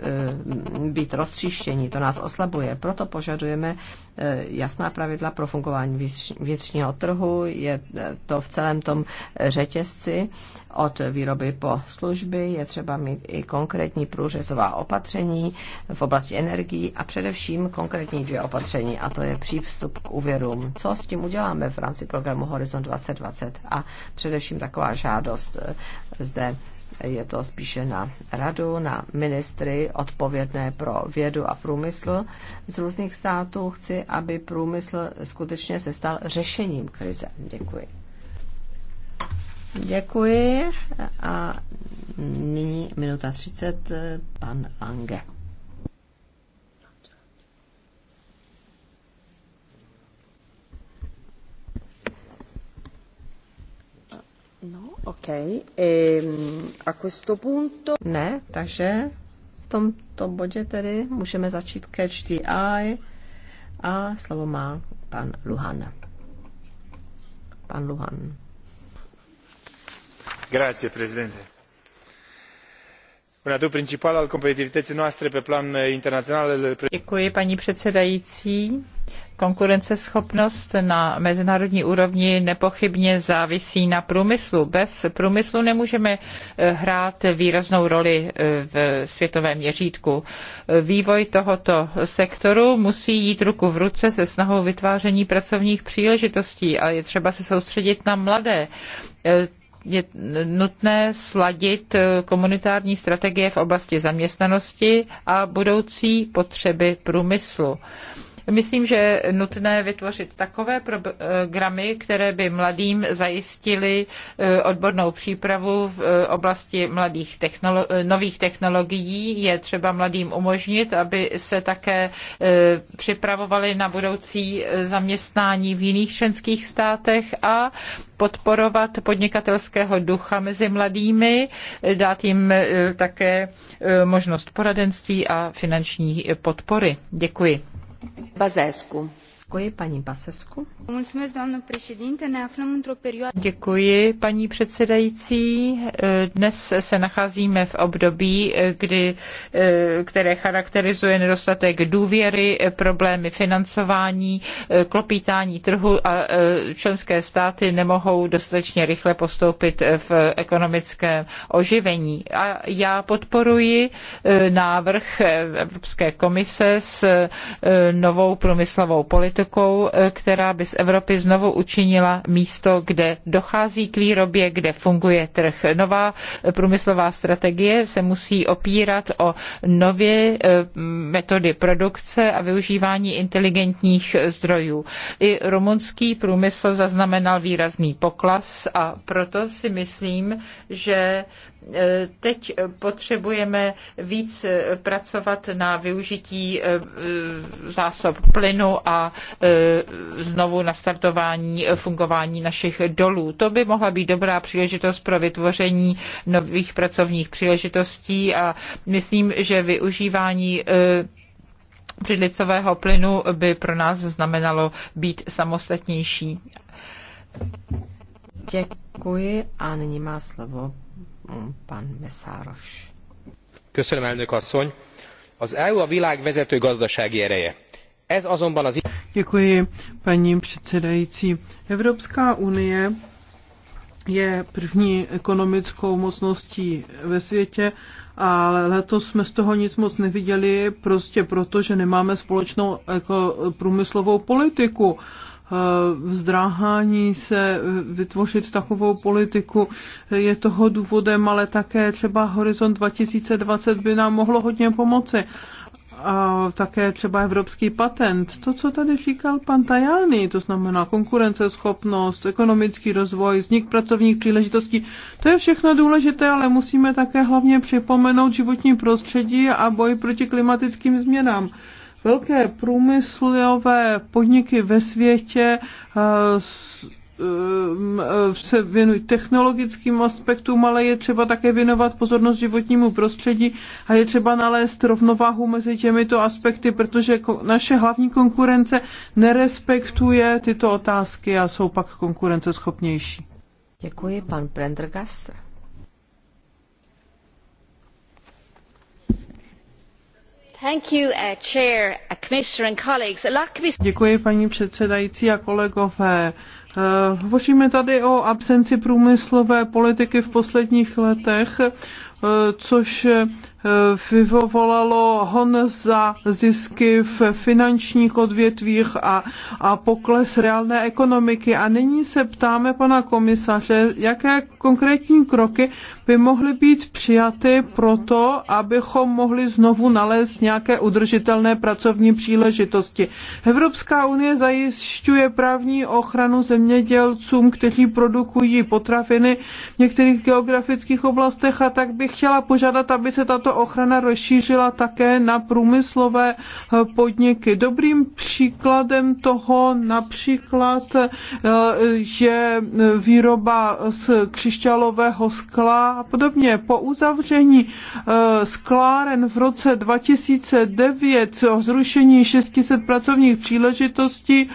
[SPEAKER 1] být roztříštění, to nás oslabuje. Proto požadujeme Eh, jasná pravidla pro fungování vnitřního trhu. Je eh, to v celém tom řetězci od výroby po služby. Je třeba mít i konkrétní průřezová opatření v oblasti energií a především konkrétní dvě opatření, a to je přístup k úvěrům. Co s tím uděláme v rámci programu Horizon 2020 a především taková žádost eh, zde je to spíše na radu, na ministry odpovědné pro vědu a průmysl z různých států. Chci, aby průmysl skutečně se stal řešením krize. Děkuji. Děkuji a nyní minuta 30, pan Lange. Ehm, a questo punto... Ne, takže v tomto bodě tedy můžeme začít catch the eye a slovo má pan Luhan. Pan Luhan.
[SPEAKER 2] Grazie, presidente.
[SPEAKER 1] Děkuji,
[SPEAKER 3] paní předsedající Konkurenceschopnost na mezinárodní úrovni nepochybně závisí na průmyslu. Bez průmyslu nemůžeme eh, hrát výraznou roli eh, v světovém měřítku. Vývoj tohoto sektoru musí jít ruku v ruce se snahou vytváření pracovních příležitostí a je třeba se soustředit na mladé eh, je nutné sladit komunitární strategie v oblasti zaměstnanosti a budoucí potřeby průmyslu. Myslím, že je nutné vytvořit takové programy, které by mladým zajistily e, odbornou přípravu v e, oblasti mladých technolo- nových technologií. Je třeba mladým umožnit, aby se také e, připravovali na budoucí zaměstnání v jiných členských státech a podporovat podnikatelského ducha mezi mladými, dát jim také možnost poradenství a finanční podpory. Děkuji. Bazescu. Děkuji paní Basesku. Děkuji paní předsedající. Dnes se nacházíme v období, kdy, které charakterizuje nedostatek důvěry, problémy financování, klopítání trhu a členské státy nemohou dostatečně rychle postoupit v ekonomickém oživení. A já podporuji návrh Evropské komise s novou průmyslovou politikou politikou, eh, která by z Evropy znovu učinila místo, kde dochází k výrobě, kde funguje trh. Nová eh, průmyslová strategie se musí opírat o nové eh, metody produkce a využívání inteligentních zdrojů. I rumunský průmysl zaznamenal výrazný pokles a proto si myslím, že teď potřebujeme víc pracovat na využití eh, zásob plynu a eh, znovu nastartování fungování našich dolů. To by mohla být dobrá příležitost pro vytvoření nových pracovních příležitostí a myslím, že využívání přidlicového eh, plynu by pro nás znamenalo být samostatnější.
[SPEAKER 1] Děkuji a nyní má slovo Mm,
[SPEAKER 2] Köszönöm, elnök asszony. Az EU a világ vezető gazdasági ereje. Ez azonban az... Děkuji, paní předsedající. Evropská unie je první ekonomickou mocností ve světě, ale letos jsme z toho nic moc neviděli, prostě proto, že nemáme společnou jako průmyslovou politiku vzdráhání eh, se eh, vytvořit takovou politiku eh, je toho důvodem, ale také třeba Horizont 2020 by nám mohlo hodně pomoci. A také třeba evropský patent. To, co tady říkal pan Tajani, to znamená konkurenceschopnost, ekonomický rozvoj, vznik pracovních příležitostí, to je všechno důležité, ale musíme také hlavně připomenout životní prostředí a boj proti klimatickým změnám velké průmyslové podniky ve světě eh, eh, se věnují technologickým aspektům, ale je třeba také věnovat pozornost životnímu prostředí a je třeba nalézt rovnováhu mezi těmito aspekty, protože naše hlavní konkurence nerespektuje tyto otázky a jsou pak konkurenceschopnější.
[SPEAKER 1] Děkuji, pan Prendergast. Uh, uh,
[SPEAKER 2] Děkuji, paní předsedající a kolegové. Eh, hovoříme tady o absenci průmyslové politiky v posledních letech, eh, což Eh, vyvolalo hon za zisky v finančních odvětvích a, a pokles reálné ekonomiky. A nyní se ptáme pana komisaře, jaké konkrétní kroky by mohly být přijaty pro to, abychom mohli znovu nalézt nějaké udržitelné pracovní příležitosti. Evropská unie zajišťuje právní ochranu zemědělcům, kteří produkují potraviny v některých geografických oblastech a tak bych chtěla požádat, aby se tato ochrana rozšířila také na průmyslové eh, podniky. Dobrým příkladem toho například eh, je eh, výroba z křišťálového skla a podobně. Po uzavření skláren v roce 2009 o zrušení 600 pracovních příležitostí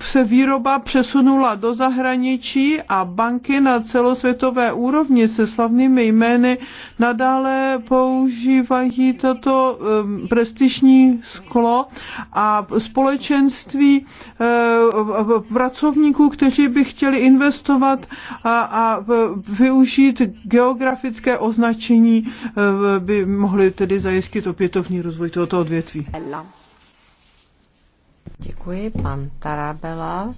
[SPEAKER 2] se výroba přesunula do zahraničí a banky na celosvětové úrovni se slavnými jmény nadále používají toto um, prestižní sklo a společenství uh, pracovníků, kteří by chtěli investovat a, a uh, využít geografické označení, uh, by mohli tedy zajistit opětovný rozvoj tohoto odvětví.
[SPEAKER 1] Děkuji, pan Tarabela,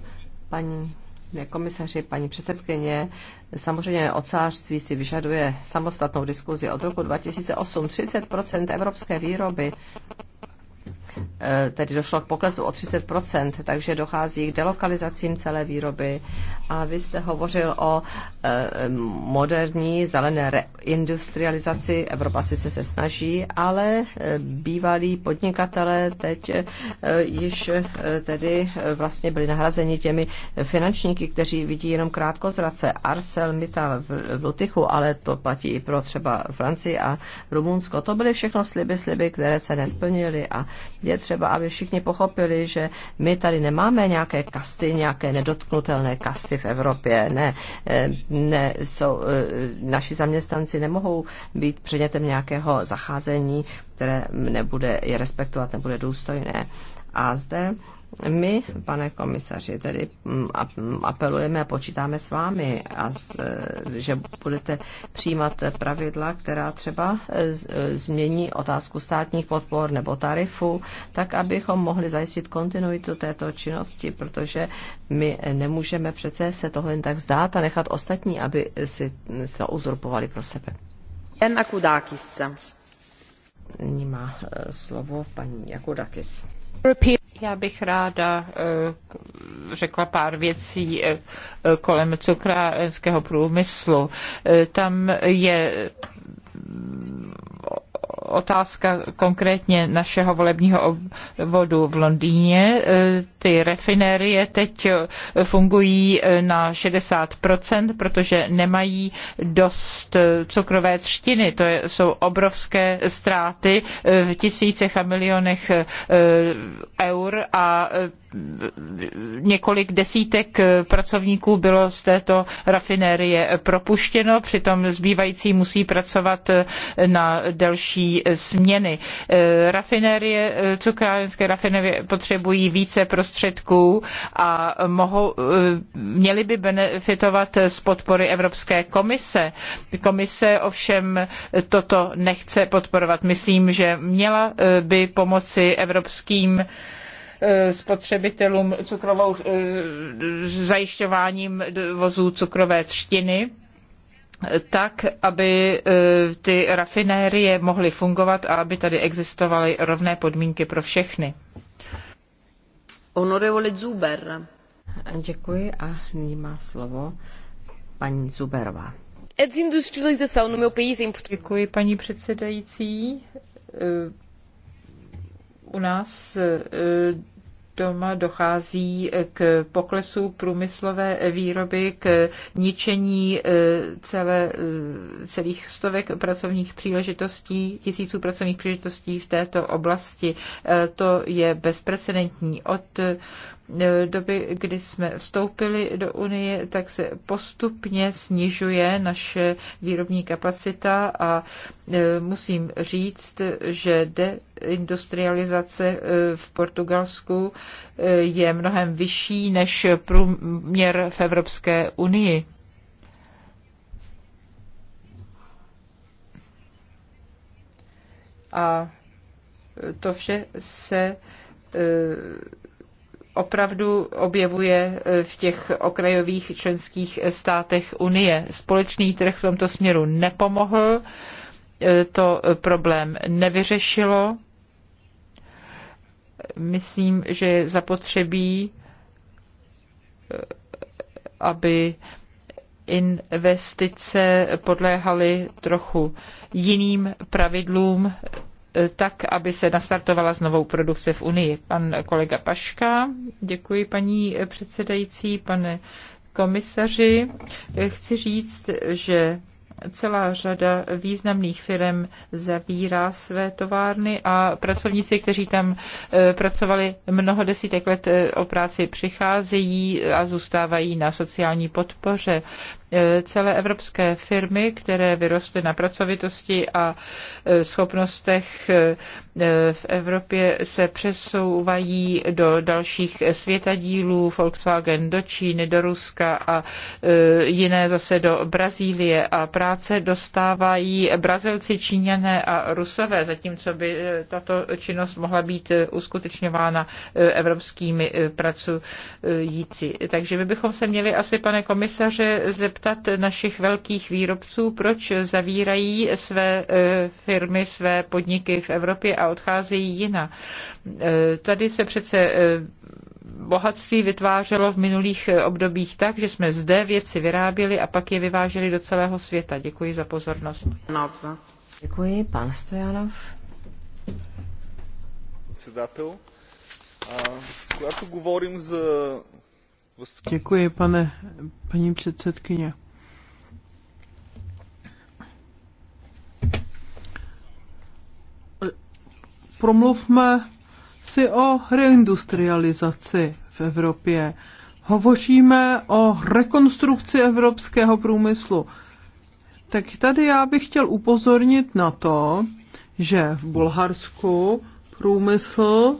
[SPEAKER 1] paní Pane komisaři, paní předsedkyně, samozřejmě ocářství si vyžaduje samostatnou diskuzi. Od roku 2008 30 evropské výroby Eh, tedy došlo k poklesu o 30%, takže dochází k delokalizacím celé výroby. A vy jste hovořil o eh, moderní zelené reindustrializaci. Evropa sice se snaží, ale eh, bývalí podnikatele teď již tedy vlastně byli nahrazeni těmi finančníky, kteří vidí jenom krátkozrace. Arcel, Mittal v Lutychu, ale to platí i pro třeba Francii a Rumunsko. To byly všechno sliby, sliby, které se nesplnily a je třeba, aby všichni pochopili, že my tady nemáme nějaké kasty, nějaké nedotknutelné kasty v Evropě. Ne, eh, ne jsou, eh, naši zaměstnanci nemohou být předmětem nějakého zacházení, které nebude je respektovat, nebude důstojné. A zde my, pane komisaři, tedy mm, mm, apelujeme a počítáme s vámi, a z, e, že budete přijímat pravidla, která třeba e, z, e, změní otázku státních podpor nebo tarifu, tak abychom mohli zajistit kontinuitu této činnosti, protože my nemůžeme přece se toho jen tak vzdát a nechat ostatní, aby si to uzurpovali pro sebe. Jen Akudakis. Nyní má slovo paní Jakudakis. European
[SPEAKER 3] já bych ráda eh, řekla pár věcí eh, kolem cukrárenského průmyslu. Eh, tam je otázka konkrétně našeho volebního obvodu v Londýně. E, ty refinérie teď fungují e, na 60%, protože nemají dost e, cukrové třtiny. To jsou obrovské ztráty v tisícech a milionech eur a několik desítek pracovníků bylo z této rafinérie propuštěno, přitom zbývající musí pracovat na delší Eh, změny. Eh, rafinérie, eh, cukrárenské rafinérie potřebují více prostředků a mohou, měly by benefitovat z podpory Evropské komise. Komise ovšem toto nechce podporovat. Myslím, že měla by pomoci evropským spotřebitelům cukrovou zajišťováním vozů cukrové třtiny tak, aby e, ty rafinérie mohly fungovat a aby tady existovaly rovné podmínky pro všechny.
[SPEAKER 1] Honorevole Zuber. Děkuji a nyní má slovo paní Zuberová.
[SPEAKER 3] No Děkuji, paní předsedající. E, u nás e, doma dochází eh, k poklesu průmyslové eh, výroby, k ničení eh, celé, celých stovek pracovních příležitostí, tisíců pracovních příležitostí v této oblasti. To je bezprecedentní. Od E, doby, kdy jsme vstoupili do Unie, tak se postupně snižuje naše výrobní kapacita a e, musím říct, že deindustrializace e, v Portugalsku je mnohem vyšší než průměr v Evropské unii. A to vše se opravdu objevuje e, v těch okrajových členských státech Unie. Společný trh v tomto směru nepomohl, e, to problém nevyřešilo. Myslím, že je zapotřebí, e, aby investice podléhaly trochu jiným pravidlům tak, aby se nastartovala znovu produkce v Unii. Pan kolega Paška, děkuji paní předsedající, pane komisaři. Chci říct, že celá řada významných firm zavírá své továrny a pracovníci, kteří tam e, pracovali mnoho desítek let e, o práci, přicházejí a zůstávají na sociální podpoře. E, celé evropské firmy, které vyrostly na pracovitosti a e, schopnostech e, v Evropě se přesouvají do dalších světadílů, Volkswagen do Číny, do Ruska a jiné zase do Brazílie a práce dostávají Brazilci, Číňané a Rusové, zatímco by tato činnost mohla být uskutečňována evropskými pracujíci. Takže my bychom se měli asi, pane komisaře, zeptat, zeptat našich velkých výrobců, proč zavírají své e, firmy, své podniky v Evropě a odcházejí jiná. E, tady se přece e, bohatství vytvářelo v minulých obdobích tak, že jsme zde věci vyráběli a pak je vyváželi do celého světa. Děkuji za pozornost. Děkuji, pan Stojanov.
[SPEAKER 2] Председател,
[SPEAKER 3] když говорим за
[SPEAKER 2] Děkuji, pane, paní předsedkyně. Promluvme si o reindustrializaci v Evropě. Hovoříme o rekonstrukci evropského průmyslu. Tak tady já bych chtěl upozornit na to, že v Bulharsku průmysl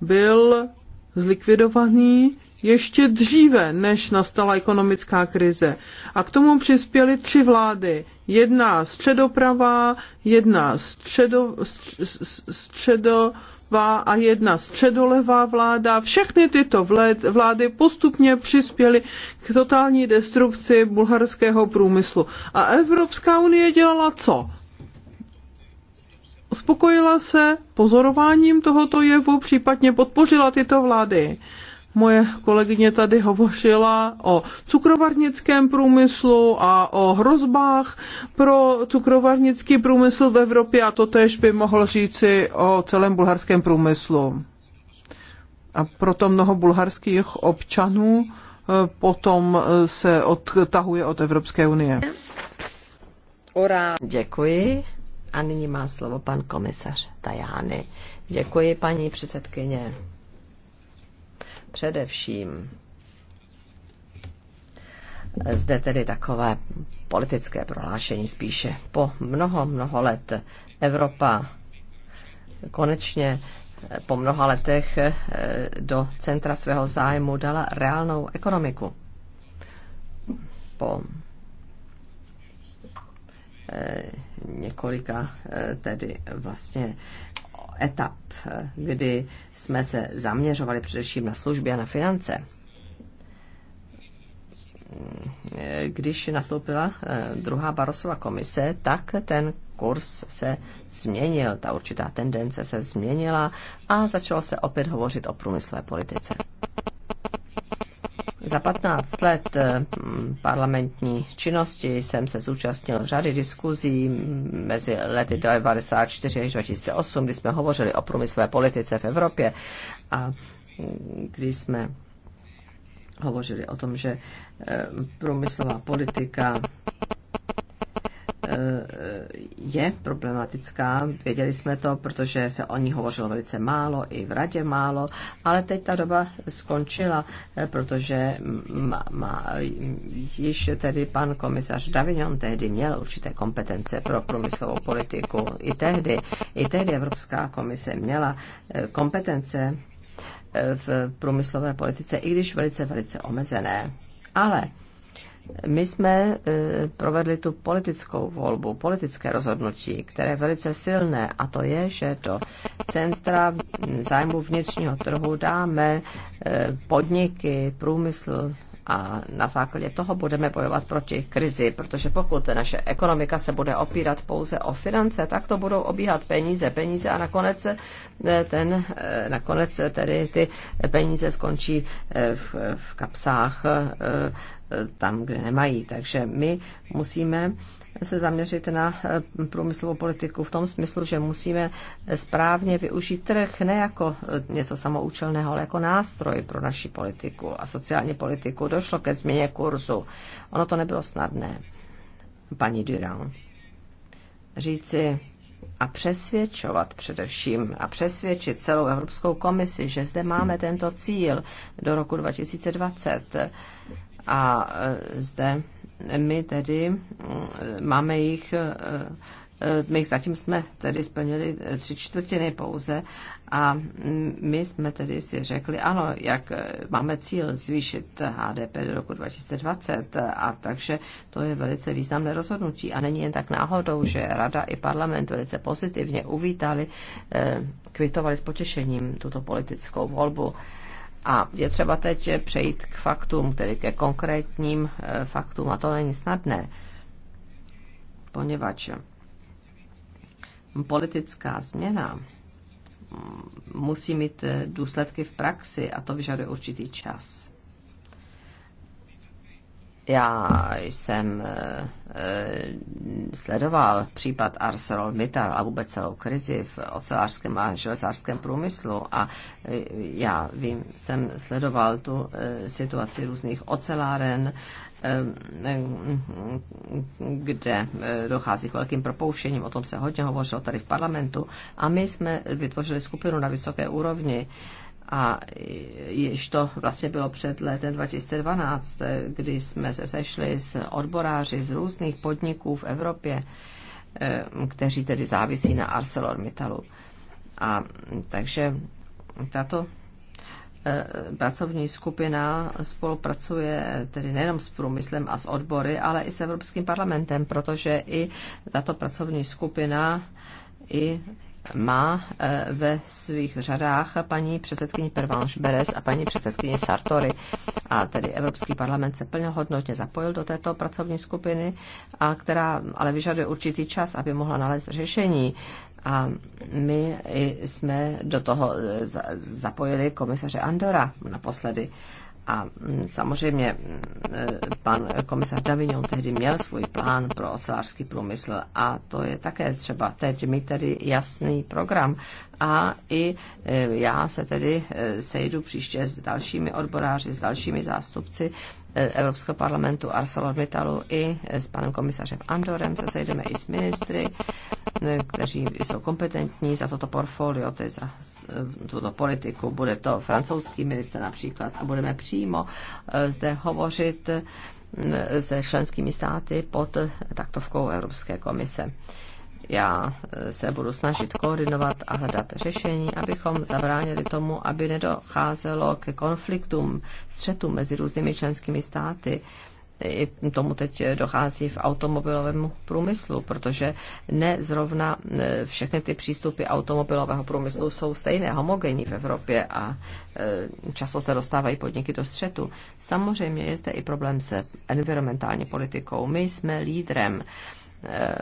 [SPEAKER 2] byl zlikvidovaný ještě dříve, než nastala ekonomická krize. A k tomu přispěly tři vlády. Jedna středopravá, jedna středo, středová a jedna středolevá vláda. Všechny tyto vlády postupně přispěly k totální destrukci bulharského průmyslu. A Evropská unie dělala co? uspokojila se pozorováním tohoto jevu, případně podpořila tyto vlády. Moje kolegyně tady hovořila o cukrovarnickém průmyslu a o hrozbách pro cukrovarnický průmysl v Evropě a to tež by mohl říci o celém bulharském průmyslu. A proto mnoho bulharských občanů eh, potom eh, se odtahuje od Evropské unie.
[SPEAKER 1] Ora. Děkuji. A nyní má slovo pan komisař Tajány. Děkuji, paní předsedkyně. Především zde tedy takové politické prohlášení spíše. Po mnoho, mnoho let Evropa konečně po mnoha letech eh, do centra svého zájmu dala reálnou ekonomiku. Po Eh, několika eh, tedy vlastně etap, eh, kdy jsme se zaměřovali především na služby a na finance. Když nastoupila druhá Barosova komise, tak ten kurz se změnil, ta určitá tendence se změnila a začalo se opět hovořit o průmyslové politice. Za 15 let eh, parlamentní činnosti jsem se zúčastnil řady diskuzí mezi lety 1994 až 2008, kdy jsme hovořili o průmyslové politice v Evropě a kdy jsme hovořili o tom, že eh, průmyslová politika je problematická. Věděli jsme to, protože se o ní hovořilo velice málo, i v radě málo, ale teď ta doba skončila, protože má, má, již tedy pan komisař Davignon tehdy měl určité kompetence pro průmyslovou politiku. I tehdy, i tehdy Evropská komise měla eh, kompetence eh, v průmyslové politice, i když velice, velice omezené. Ale my jsme e, provedli tu politickou volbu, politické rozhodnutí, které je velice silné, a to je, že do centra zájmu vnitřního trhu dáme e, podniky, průmysl, a na základě toho budeme bojovat proti krizi, protože pokud naše ekonomika se bude opírat pouze o finance, tak to budou obíhat peníze, peníze a nakonec, eh, ten, eh, nakonec tedy ty peníze skončí eh, v, v kapsách tam, kde nemají. Takže my musíme se zaměřit na eh, průmyslovou politiku v tom smyslu, že musíme správně využít trh ne jako eh, něco samoučelného, ale jako nástroj pro naši politiku a sociální politiku. Došlo ke změně kurzu. Ono to nebylo snadné, paní Durand. Říci a přesvědčovat především a přesvědčit celou Evropskou komisi, že zde máme tento cíl do roku 2020 a eh, zde my tedy mm, máme jich eh, eh, my zatím jsme tedy splnili eh, tři čtvrtiny pouze a mm, my jsme tedy si řekli, ano, jak máme cíl zvýšit HDP do roku 2020 a takže to je velice významné rozhodnutí a není jen tak náhodou, že Rada i parlament velice pozitivně uvítali, kvitovali s potěšením tuto politickou volbu. A je třeba teď přejít k faktům, tedy ke konkrétním eh, faktům, a to není snadné, poněvadž politická změna mm, musí mít eh, důsledky v praxi a to vyžaduje určitý čas. Já jsem eh, eh, sledoval případ ArcelorMittal a vůbec celou krizi v ocelářském a železářském průmyslu a eh, já vím, jsem sledoval tu situaci různých oceláren, kde dochází k velkým propouštěním, o tom se hodně hovořilo tady v parlamentu a my jsme vytvořili skupinu na vysoké úrovni, a již to vlastně bylo před letem 2012, kdy jsme se sešli s odboráři z různých podniků v Evropě, eh, kteří tedy závisí na ArcelorMittalu. A takže tato eh, pracovní skupina spolupracuje tedy nejenom s průmyslem a s odbory, ale i s Evropským parlamentem, protože i tato pracovní skupina i má eh, ve svých řadách paní předsedkyni Pervanche Beres a paní předsedkyni Sartory. A tedy Evropský parlament se plnohodnotně zapojil do této pracovní skupiny, a která ale vyžaduje určitý čas, aby mohla nalézt řešení. A my jsme do toho eh, zapojili komisaře Andora naposledy. A samozřejmě eh, pan komisař Davignon tehdy měl svůj plán pro ocelářský průmysl a to je také třeba teď mít tedy jasný program a i e, já se tedy e, sejdu příště s dalšími odboráři, s dalšími zástupci e, Evropského parlamentu ArcelorMittalu i s panem komisařem Andorem se sejdeme i s ministry, kteří jsou kompetentní za toto portfolio, tedy za tuto politiku. Bude to francouzský minister například a budeme přímo zde hovořit se členskými státy pod taktovkou Evropské komise já eh, se budu snažit koordinovat a hledat řešení, abychom zabránili tomu, aby nedocházelo ke konfliktům, střetům mezi různými členskými státy. I tomu teď dochází v automobilovém průmyslu, protože nezrovna eh, všechny ty přístupy automobilového průmyslu jsou stejné, homogenní v Evropě a eh, často se dostávají podniky do střetu. Samozřejmě je zde i problém se environmentální politikou. My jsme lídrem Eh,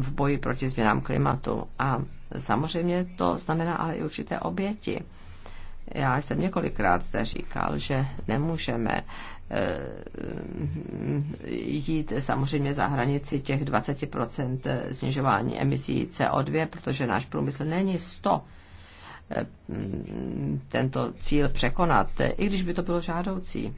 [SPEAKER 1] v boji proti změnám klimatu. A samozřejmě to znamená ale i určité oběti. Já jsem několikrát zde říkal, že nemůžeme eh, jít samozřejmě za hranici těch 20% snižování emisí CO2, protože náš průmysl není 100 eh, tento cíl překonat, i když by to bylo žádoucí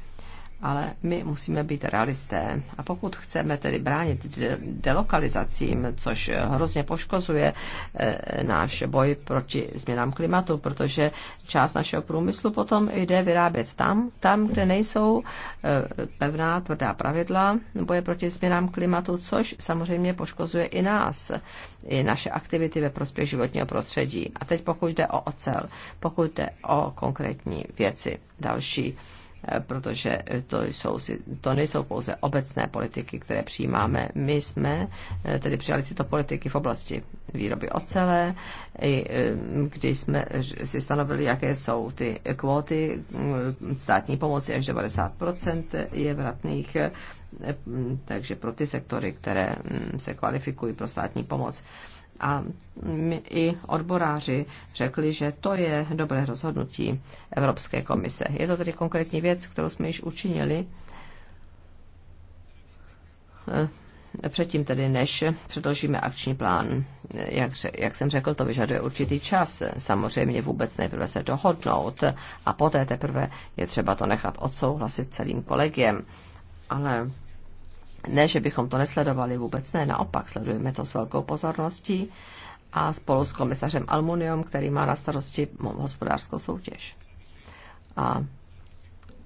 [SPEAKER 1] ale my musíme být realisté. A pokud chceme tedy bránit delokalizacím, což hrozně poškozuje eh, náš boj proti změnám klimatu, protože část našeho průmyslu potom jde vyrábět tam, tam, kde nejsou eh, pevná tvrdá pravidla boje proti změnám klimatu, což samozřejmě poškozuje i nás, i naše aktivity ve prospěch životního prostředí. A teď pokud jde o ocel, pokud jde o konkrétní věci další protože to, jsou, to nejsou pouze obecné politiky, které přijímáme. My jsme eh, tedy přijali tyto politiky v oblasti výroby ocele, eh, kdy jsme si stanovili, jaké jsou ty kvóty mm, státní pomoci, až 90% je vratných eh, takže pro ty sektory, které mm, se kvalifikují pro státní pomoc a i odboráři řekli, že to je dobré rozhodnutí Evropské komise. Je to tedy konkrétní věc, kterou jsme již učinili eh, předtím tedy, než předložíme akční plán. Jak, jak jsem řekl, to vyžaduje určitý čas. Samozřejmě vůbec nejprve se dohodnout a poté teprve je třeba to nechat odsouhlasit celým kolegiem. Ale ne, že bychom to nesledovali, vůbec ne, naopak sledujeme to s velkou pozorností a spolu s komisařem Almunium, který má na starosti hospodářskou soutěž. A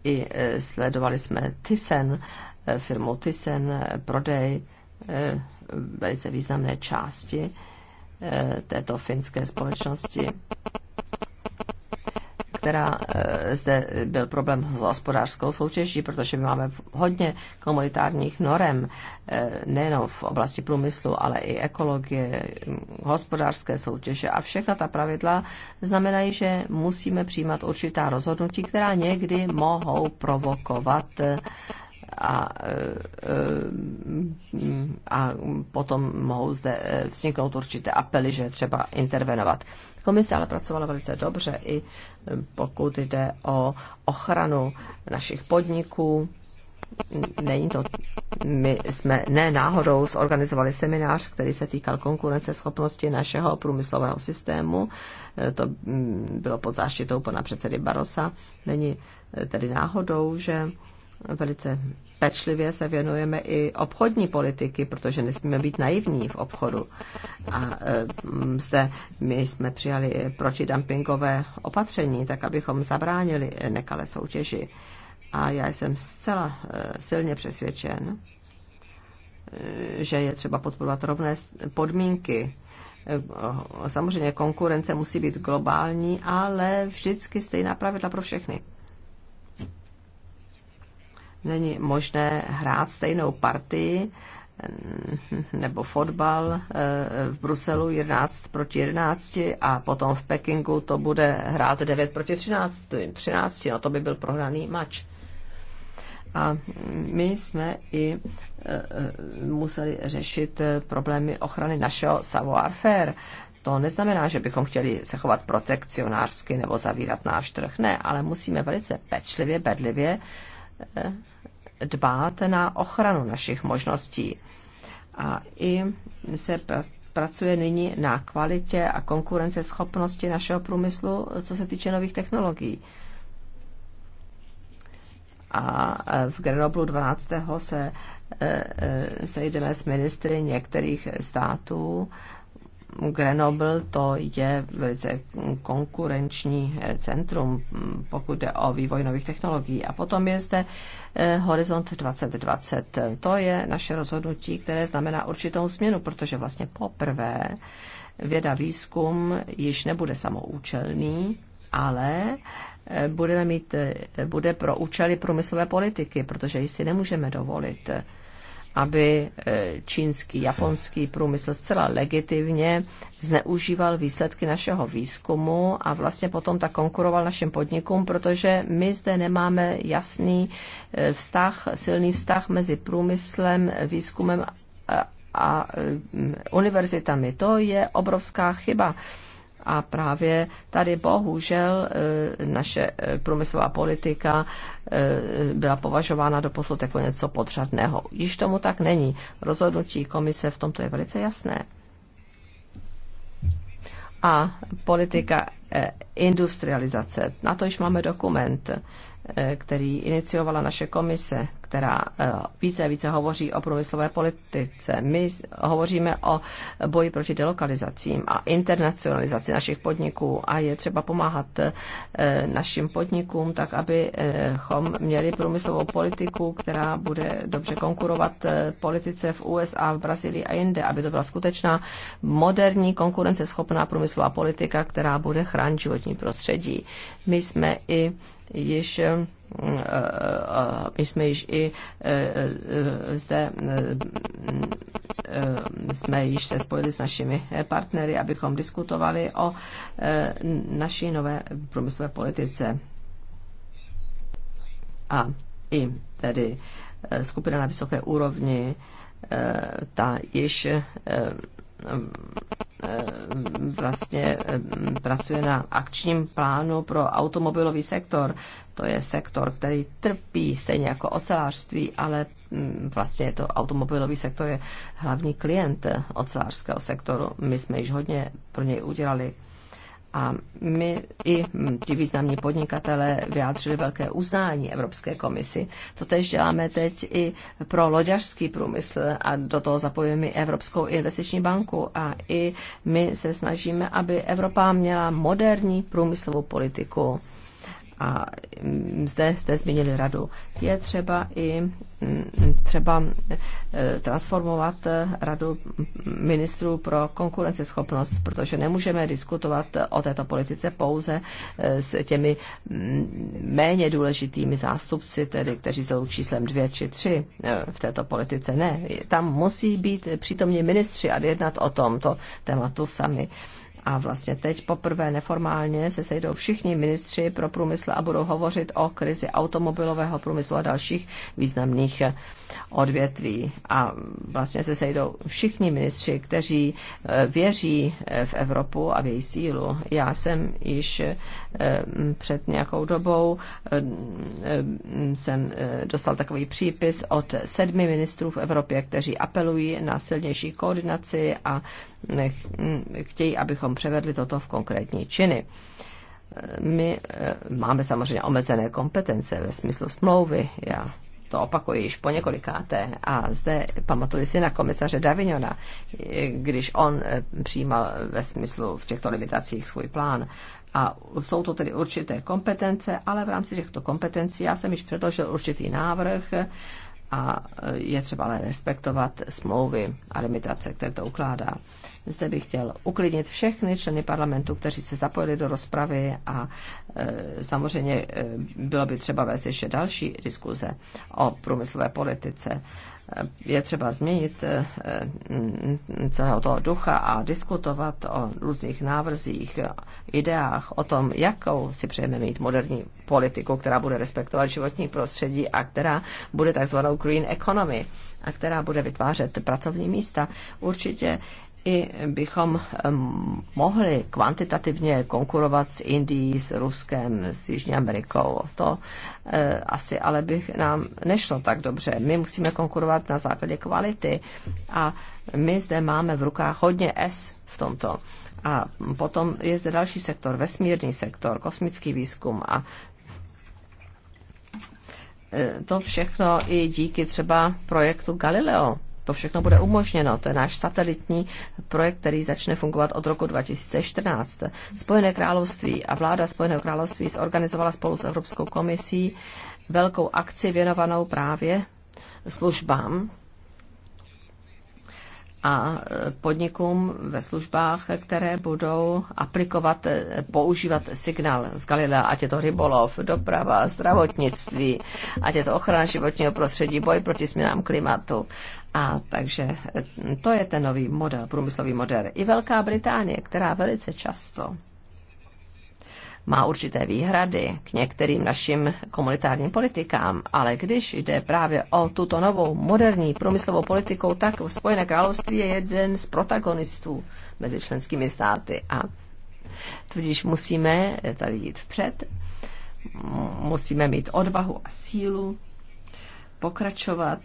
[SPEAKER 1] i e, sledovali jsme Tysen, e, firmu Tysen, e, prodej velice významné části této finské společnosti která eh, zde byl problém s hospodářskou soutěží, protože my máme hodně komunitárních norem, eh, nejenom v oblasti průmyslu, ale i ekologie, hospodářské soutěže a všechna ta pravidla znamenají, že musíme přijímat určitá rozhodnutí, která někdy mohou provokovat eh, a, eh, eh, a potom mohou zde eh, vzniknout určité apely, že třeba intervenovat. Komise ale pracovala velice dobře i pokud jde o ochranu našich podniků. Není to, my jsme ne náhodou zorganizovali seminář, který se týkal konkurenceschopnosti našeho průmyslového systému. To mm, bylo pod záštitou pana předsedy Barosa. Není tedy náhodou, že velice pečlivě se věnujeme i obchodní politiky, protože nesmíme být naivní v obchodu. A e, zde my jsme přijali protidumpingové opatření, tak abychom zabránili nekalé soutěži. A já jsem zcela e, silně přesvědčen, e, že je třeba podporovat rovné podmínky. Samozřejmě konkurence musí být globální, ale vždycky stejná pravidla pro všechny není možné hrát stejnou partii mm, nebo fotbal eh, v Bruselu 11 proti 11 a potom v Pekingu to bude hrát 9 proti 13, 13 no to by byl prohraný mač. A my jsme i eh, eh, museli řešit problémy ochrany našeho savoir-faire. To neznamená, že bychom chtěli se chovat protekcionářsky nebo zavírat náš trh. Ne, ale musíme velice pečlivě, bedlivě dbát na ochranu našich možností. A i se pr pracuje nyní na kvalitě a konkurenceschopnosti našeho průmyslu, co se týče nových technologií. A e, v Grenoblu 12. se e, e, sejdeme s ministry některých států, Grenoble to je velice konkurenční eh, centrum, mm, pokud jde o vývoj nových technologií. A potom je zde eh, Horizont 2020. To je naše rozhodnutí, které znamená určitou změnu, protože vlastně poprvé věda výzkum již nebude samoučelný, ale eh, budeme mít, bude pro účely průmyslové politiky, protože ji si nemůžeme dovolit aby eh, čínský, japonský průmysl zcela legitimně zneužíval výsledky našeho výzkumu a vlastně potom tak konkuroval našim podnikům, protože my zde nemáme jasný eh, vztah, silný vztah mezi průmyslem, výzkumem a eh, univerzitami. To je obrovská chyba. A právě tady bohužel e, naše e, průmyslová politika e, byla považována do posud jako něco podřadného. Již tomu tak není. Rozhodnutí komise v tomto je velice jasné. A politika industrializace. Na to již máme dokument, který iniciovala naše komise, která eh, více a více hovoří o průmyslové politice. My hovoříme o boji proti delokalizacím a internacionalizaci našich podniků a je třeba pomáhat eh, našim podnikům tak, abychom měli průmyslovou politiku, která bude dobře konkurovat eh, politice v USA, v Brazílii a jinde, aby to byla skutečná moderní konkurenceschopná průmyslová politika, která bude chránit životní prostředí. My jsme i již my jsme již i e, e, zde e, jsme již se spojili s našimi partnery, abychom diskutovali o naší nové průmyslové politice. A i tedy skupina na vysoké úrovni, ta již Eh, vlastně eh, pracuje na akčním plánu pro automobilový sektor. To je sektor, který trpí stejně jako ocelářství, ale mm, vlastně to automobilový sektor je hlavní klient ocelářského sektoru. My jsme již hodně pro něj udělali. A my i ti významní podnikatelé vyjádřili velké uznání Evropské komisi. To tež děláme teď i pro loďařský průmysl a do toho zapojíme Evropskou investiční banku. A i my se snažíme, aby Evropa měla moderní průmyslovou politiku a mm, zde jste změnili radu. Je třeba i mm, třeba e, transformovat e, radu ministrů pro konkurenceschopnost, protože nemůžeme diskutovat o této politice pouze e, s těmi mm, méně důležitými zástupci, tedy kteří jsou číslem dvě či tři v této politice. Ne, tam musí být přítomní ministři a jednat o tomto tématu sami. A vlastně teď poprvé neformálně se sejdou všichni ministři pro průmysl a budou hovořit o krizi automobilového průmyslu a dalších významných odvětví. A vlastně se sejdou všichni ministři, kteří eh, věří eh, v Evropu a v její sílu. Já jsem již eh, před nějakou dobou jsem dostal takový přípis od sedmi ministrů v Evropě, kteří apelují na silnější koordinaci a chtějí, abychom převedli toto v konkrétní činy. My eh, máme samozřejmě omezené kompetence ve smyslu smlouvy. Já to opakuji již po několikáté. A zde pamatuju si na komisaře Davignona, když on eh, přijímal ve smyslu v těchto limitacích svůj plán. A jsou to tedy určité kompetence, ale v rámci těchto kompetencí já jsem již předložil určitý návrh a je třeba ale respektovat smlouvy a limitace, které to ukládá. Zde bych chtěl uklidnit všechny členy parlamentu, kteří se zapojili do rozpravy a e, samozřejmě e, bylo by třeba vést ještě další diskuze o průmyslové politice. E, je třeba změnit eh, eh, celého toho ducha a diskutovat o různých návrzích, ideách, o tom, jakou si přejeme mít moderní politiku, která bude respektovat životní prostředí a která bude takzvanou green economy a která bude vytvářet pracovní místa. Určitě i bychom mohli kvantitativně konkurovat s Indií, s Ruskem, s Jižní Amerikou. To eh, asi ale bych nám nešlo tak dobře. My musíme konkurovat na základě kvality a my zde máme v rukách hodně S v tomto. A potom je zde další sektor, vesmírný sektor, kosmický výzkum a eh, to všechno i díky třeba projektu Galileo to všechno bude umožněno. To je náš satelitní projekt, který začne fungovat od roku 2014. Spojené království a vláda Spojeného království zorganizovala spolu s Evropskou komisí velkou akci věnovanou právě službám a podnikům ve službách, které budou aplikovat, používat signál z Galilea, ať je to rybolov, doprava, zdravotnictví, ať je to ochrana životního prostředí, boj proti změnám klimatu a takže eh, to je ten nový model, průmyslový model. I Velká Británie, která velice často má určité výhrady k některým našim komunitárním politikám, ale když jde právě o tuto novou moderní průmyslovou politiku, tak v Spojené království je jeden z protagonistů mezi členskými státy a tudíž musíme tady jít vpřed, musíme mít odvahu a sílu pokračovat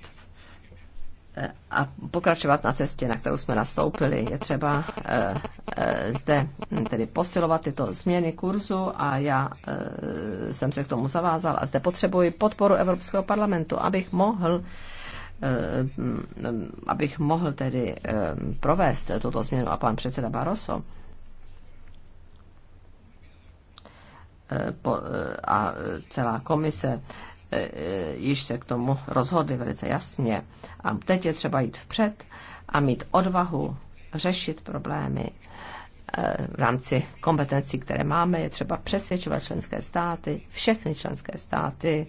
[SPEAKER 1] a pokračovat na cestě, na kterou jsme nastoupili. Je třeba eh, eh, zde hm, tedy posilovat tyto změny kurzu a já eh, jsem se k tomu zavázal a zde potřebuji podporu Evropského parlamentu, abych mohl hm, abych mohl tedy provést tuto změnu a pan předseda Barroso a celá komise E, již se k tomu rozhodli velice jasně. A teď je třeba jít vpřed a mít odvahu řešit problémy e, v rámci kompetencí, které máme, je třeba přesvědčovat členské státy, všechny členské státy,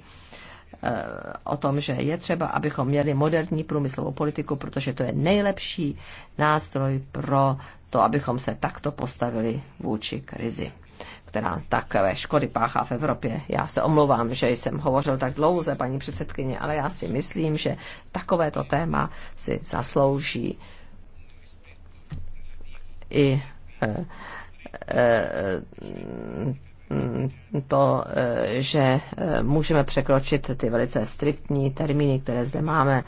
[SPEAKER 1] e, o tom, že je třeba, abychom měli moderní průmyslovou politiku, protože to je nejlepší nástroj pro to, abychom se takto postavili vůči krizi která takové škody páchá v Evropě. Já se omlouvám, že jsem hovořil tak dlouze, paní předsedkyně, ale já si myslím, že takovéto téma si zaslouží i eh, eh, to, eh, že můžeme překročit ty velice striktní termíny, které zde máme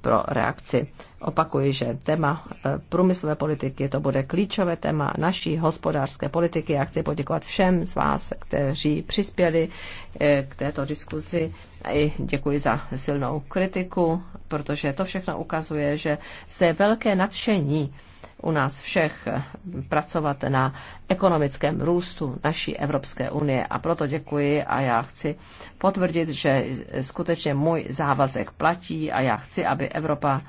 [SPEAKER 1] pro reakci. Opakuji, že téma eh, průmyslové politiky to bude klíčové téma naší hospodářské politiky. Já chci poděkovat všem z vás, kteří přispěli eh, k této diskuzi. I děkuji za silnou kritiku, protože to všechno ukazuje, že zde je velké nadšení u nás všech pracovat na ekonomickém růstu naší Evropské unie. A proto děkuji a já chci potvrdit, že skutečně můj závazek platí a já chci, aby Evropa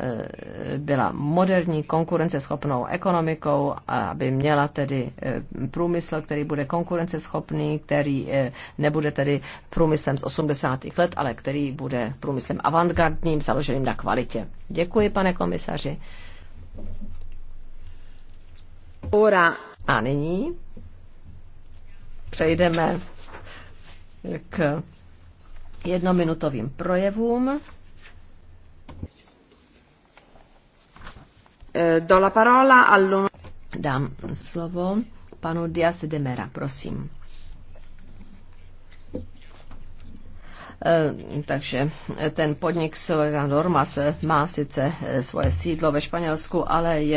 [SPEAKER 1] e, byla moderní, konkurenceschopnou ekonomikou, aby měla tedy e, průmysl, který bude konkurenceschopný, který e, nebude tedy průmyslem z 80. let, ale který bude průmyslem avantgardním, založeným na kvalitě. Děkuji, pane komisaři. Ora. A nyní přejdeme k jednominutovým projevům. Eh, do la parola all'on... Dám slovo panu Dias de Mera, prosím. Eh, takže ten podnik Sovereign Normas má sice eh, svoje sídlo ve Španělsku, ale je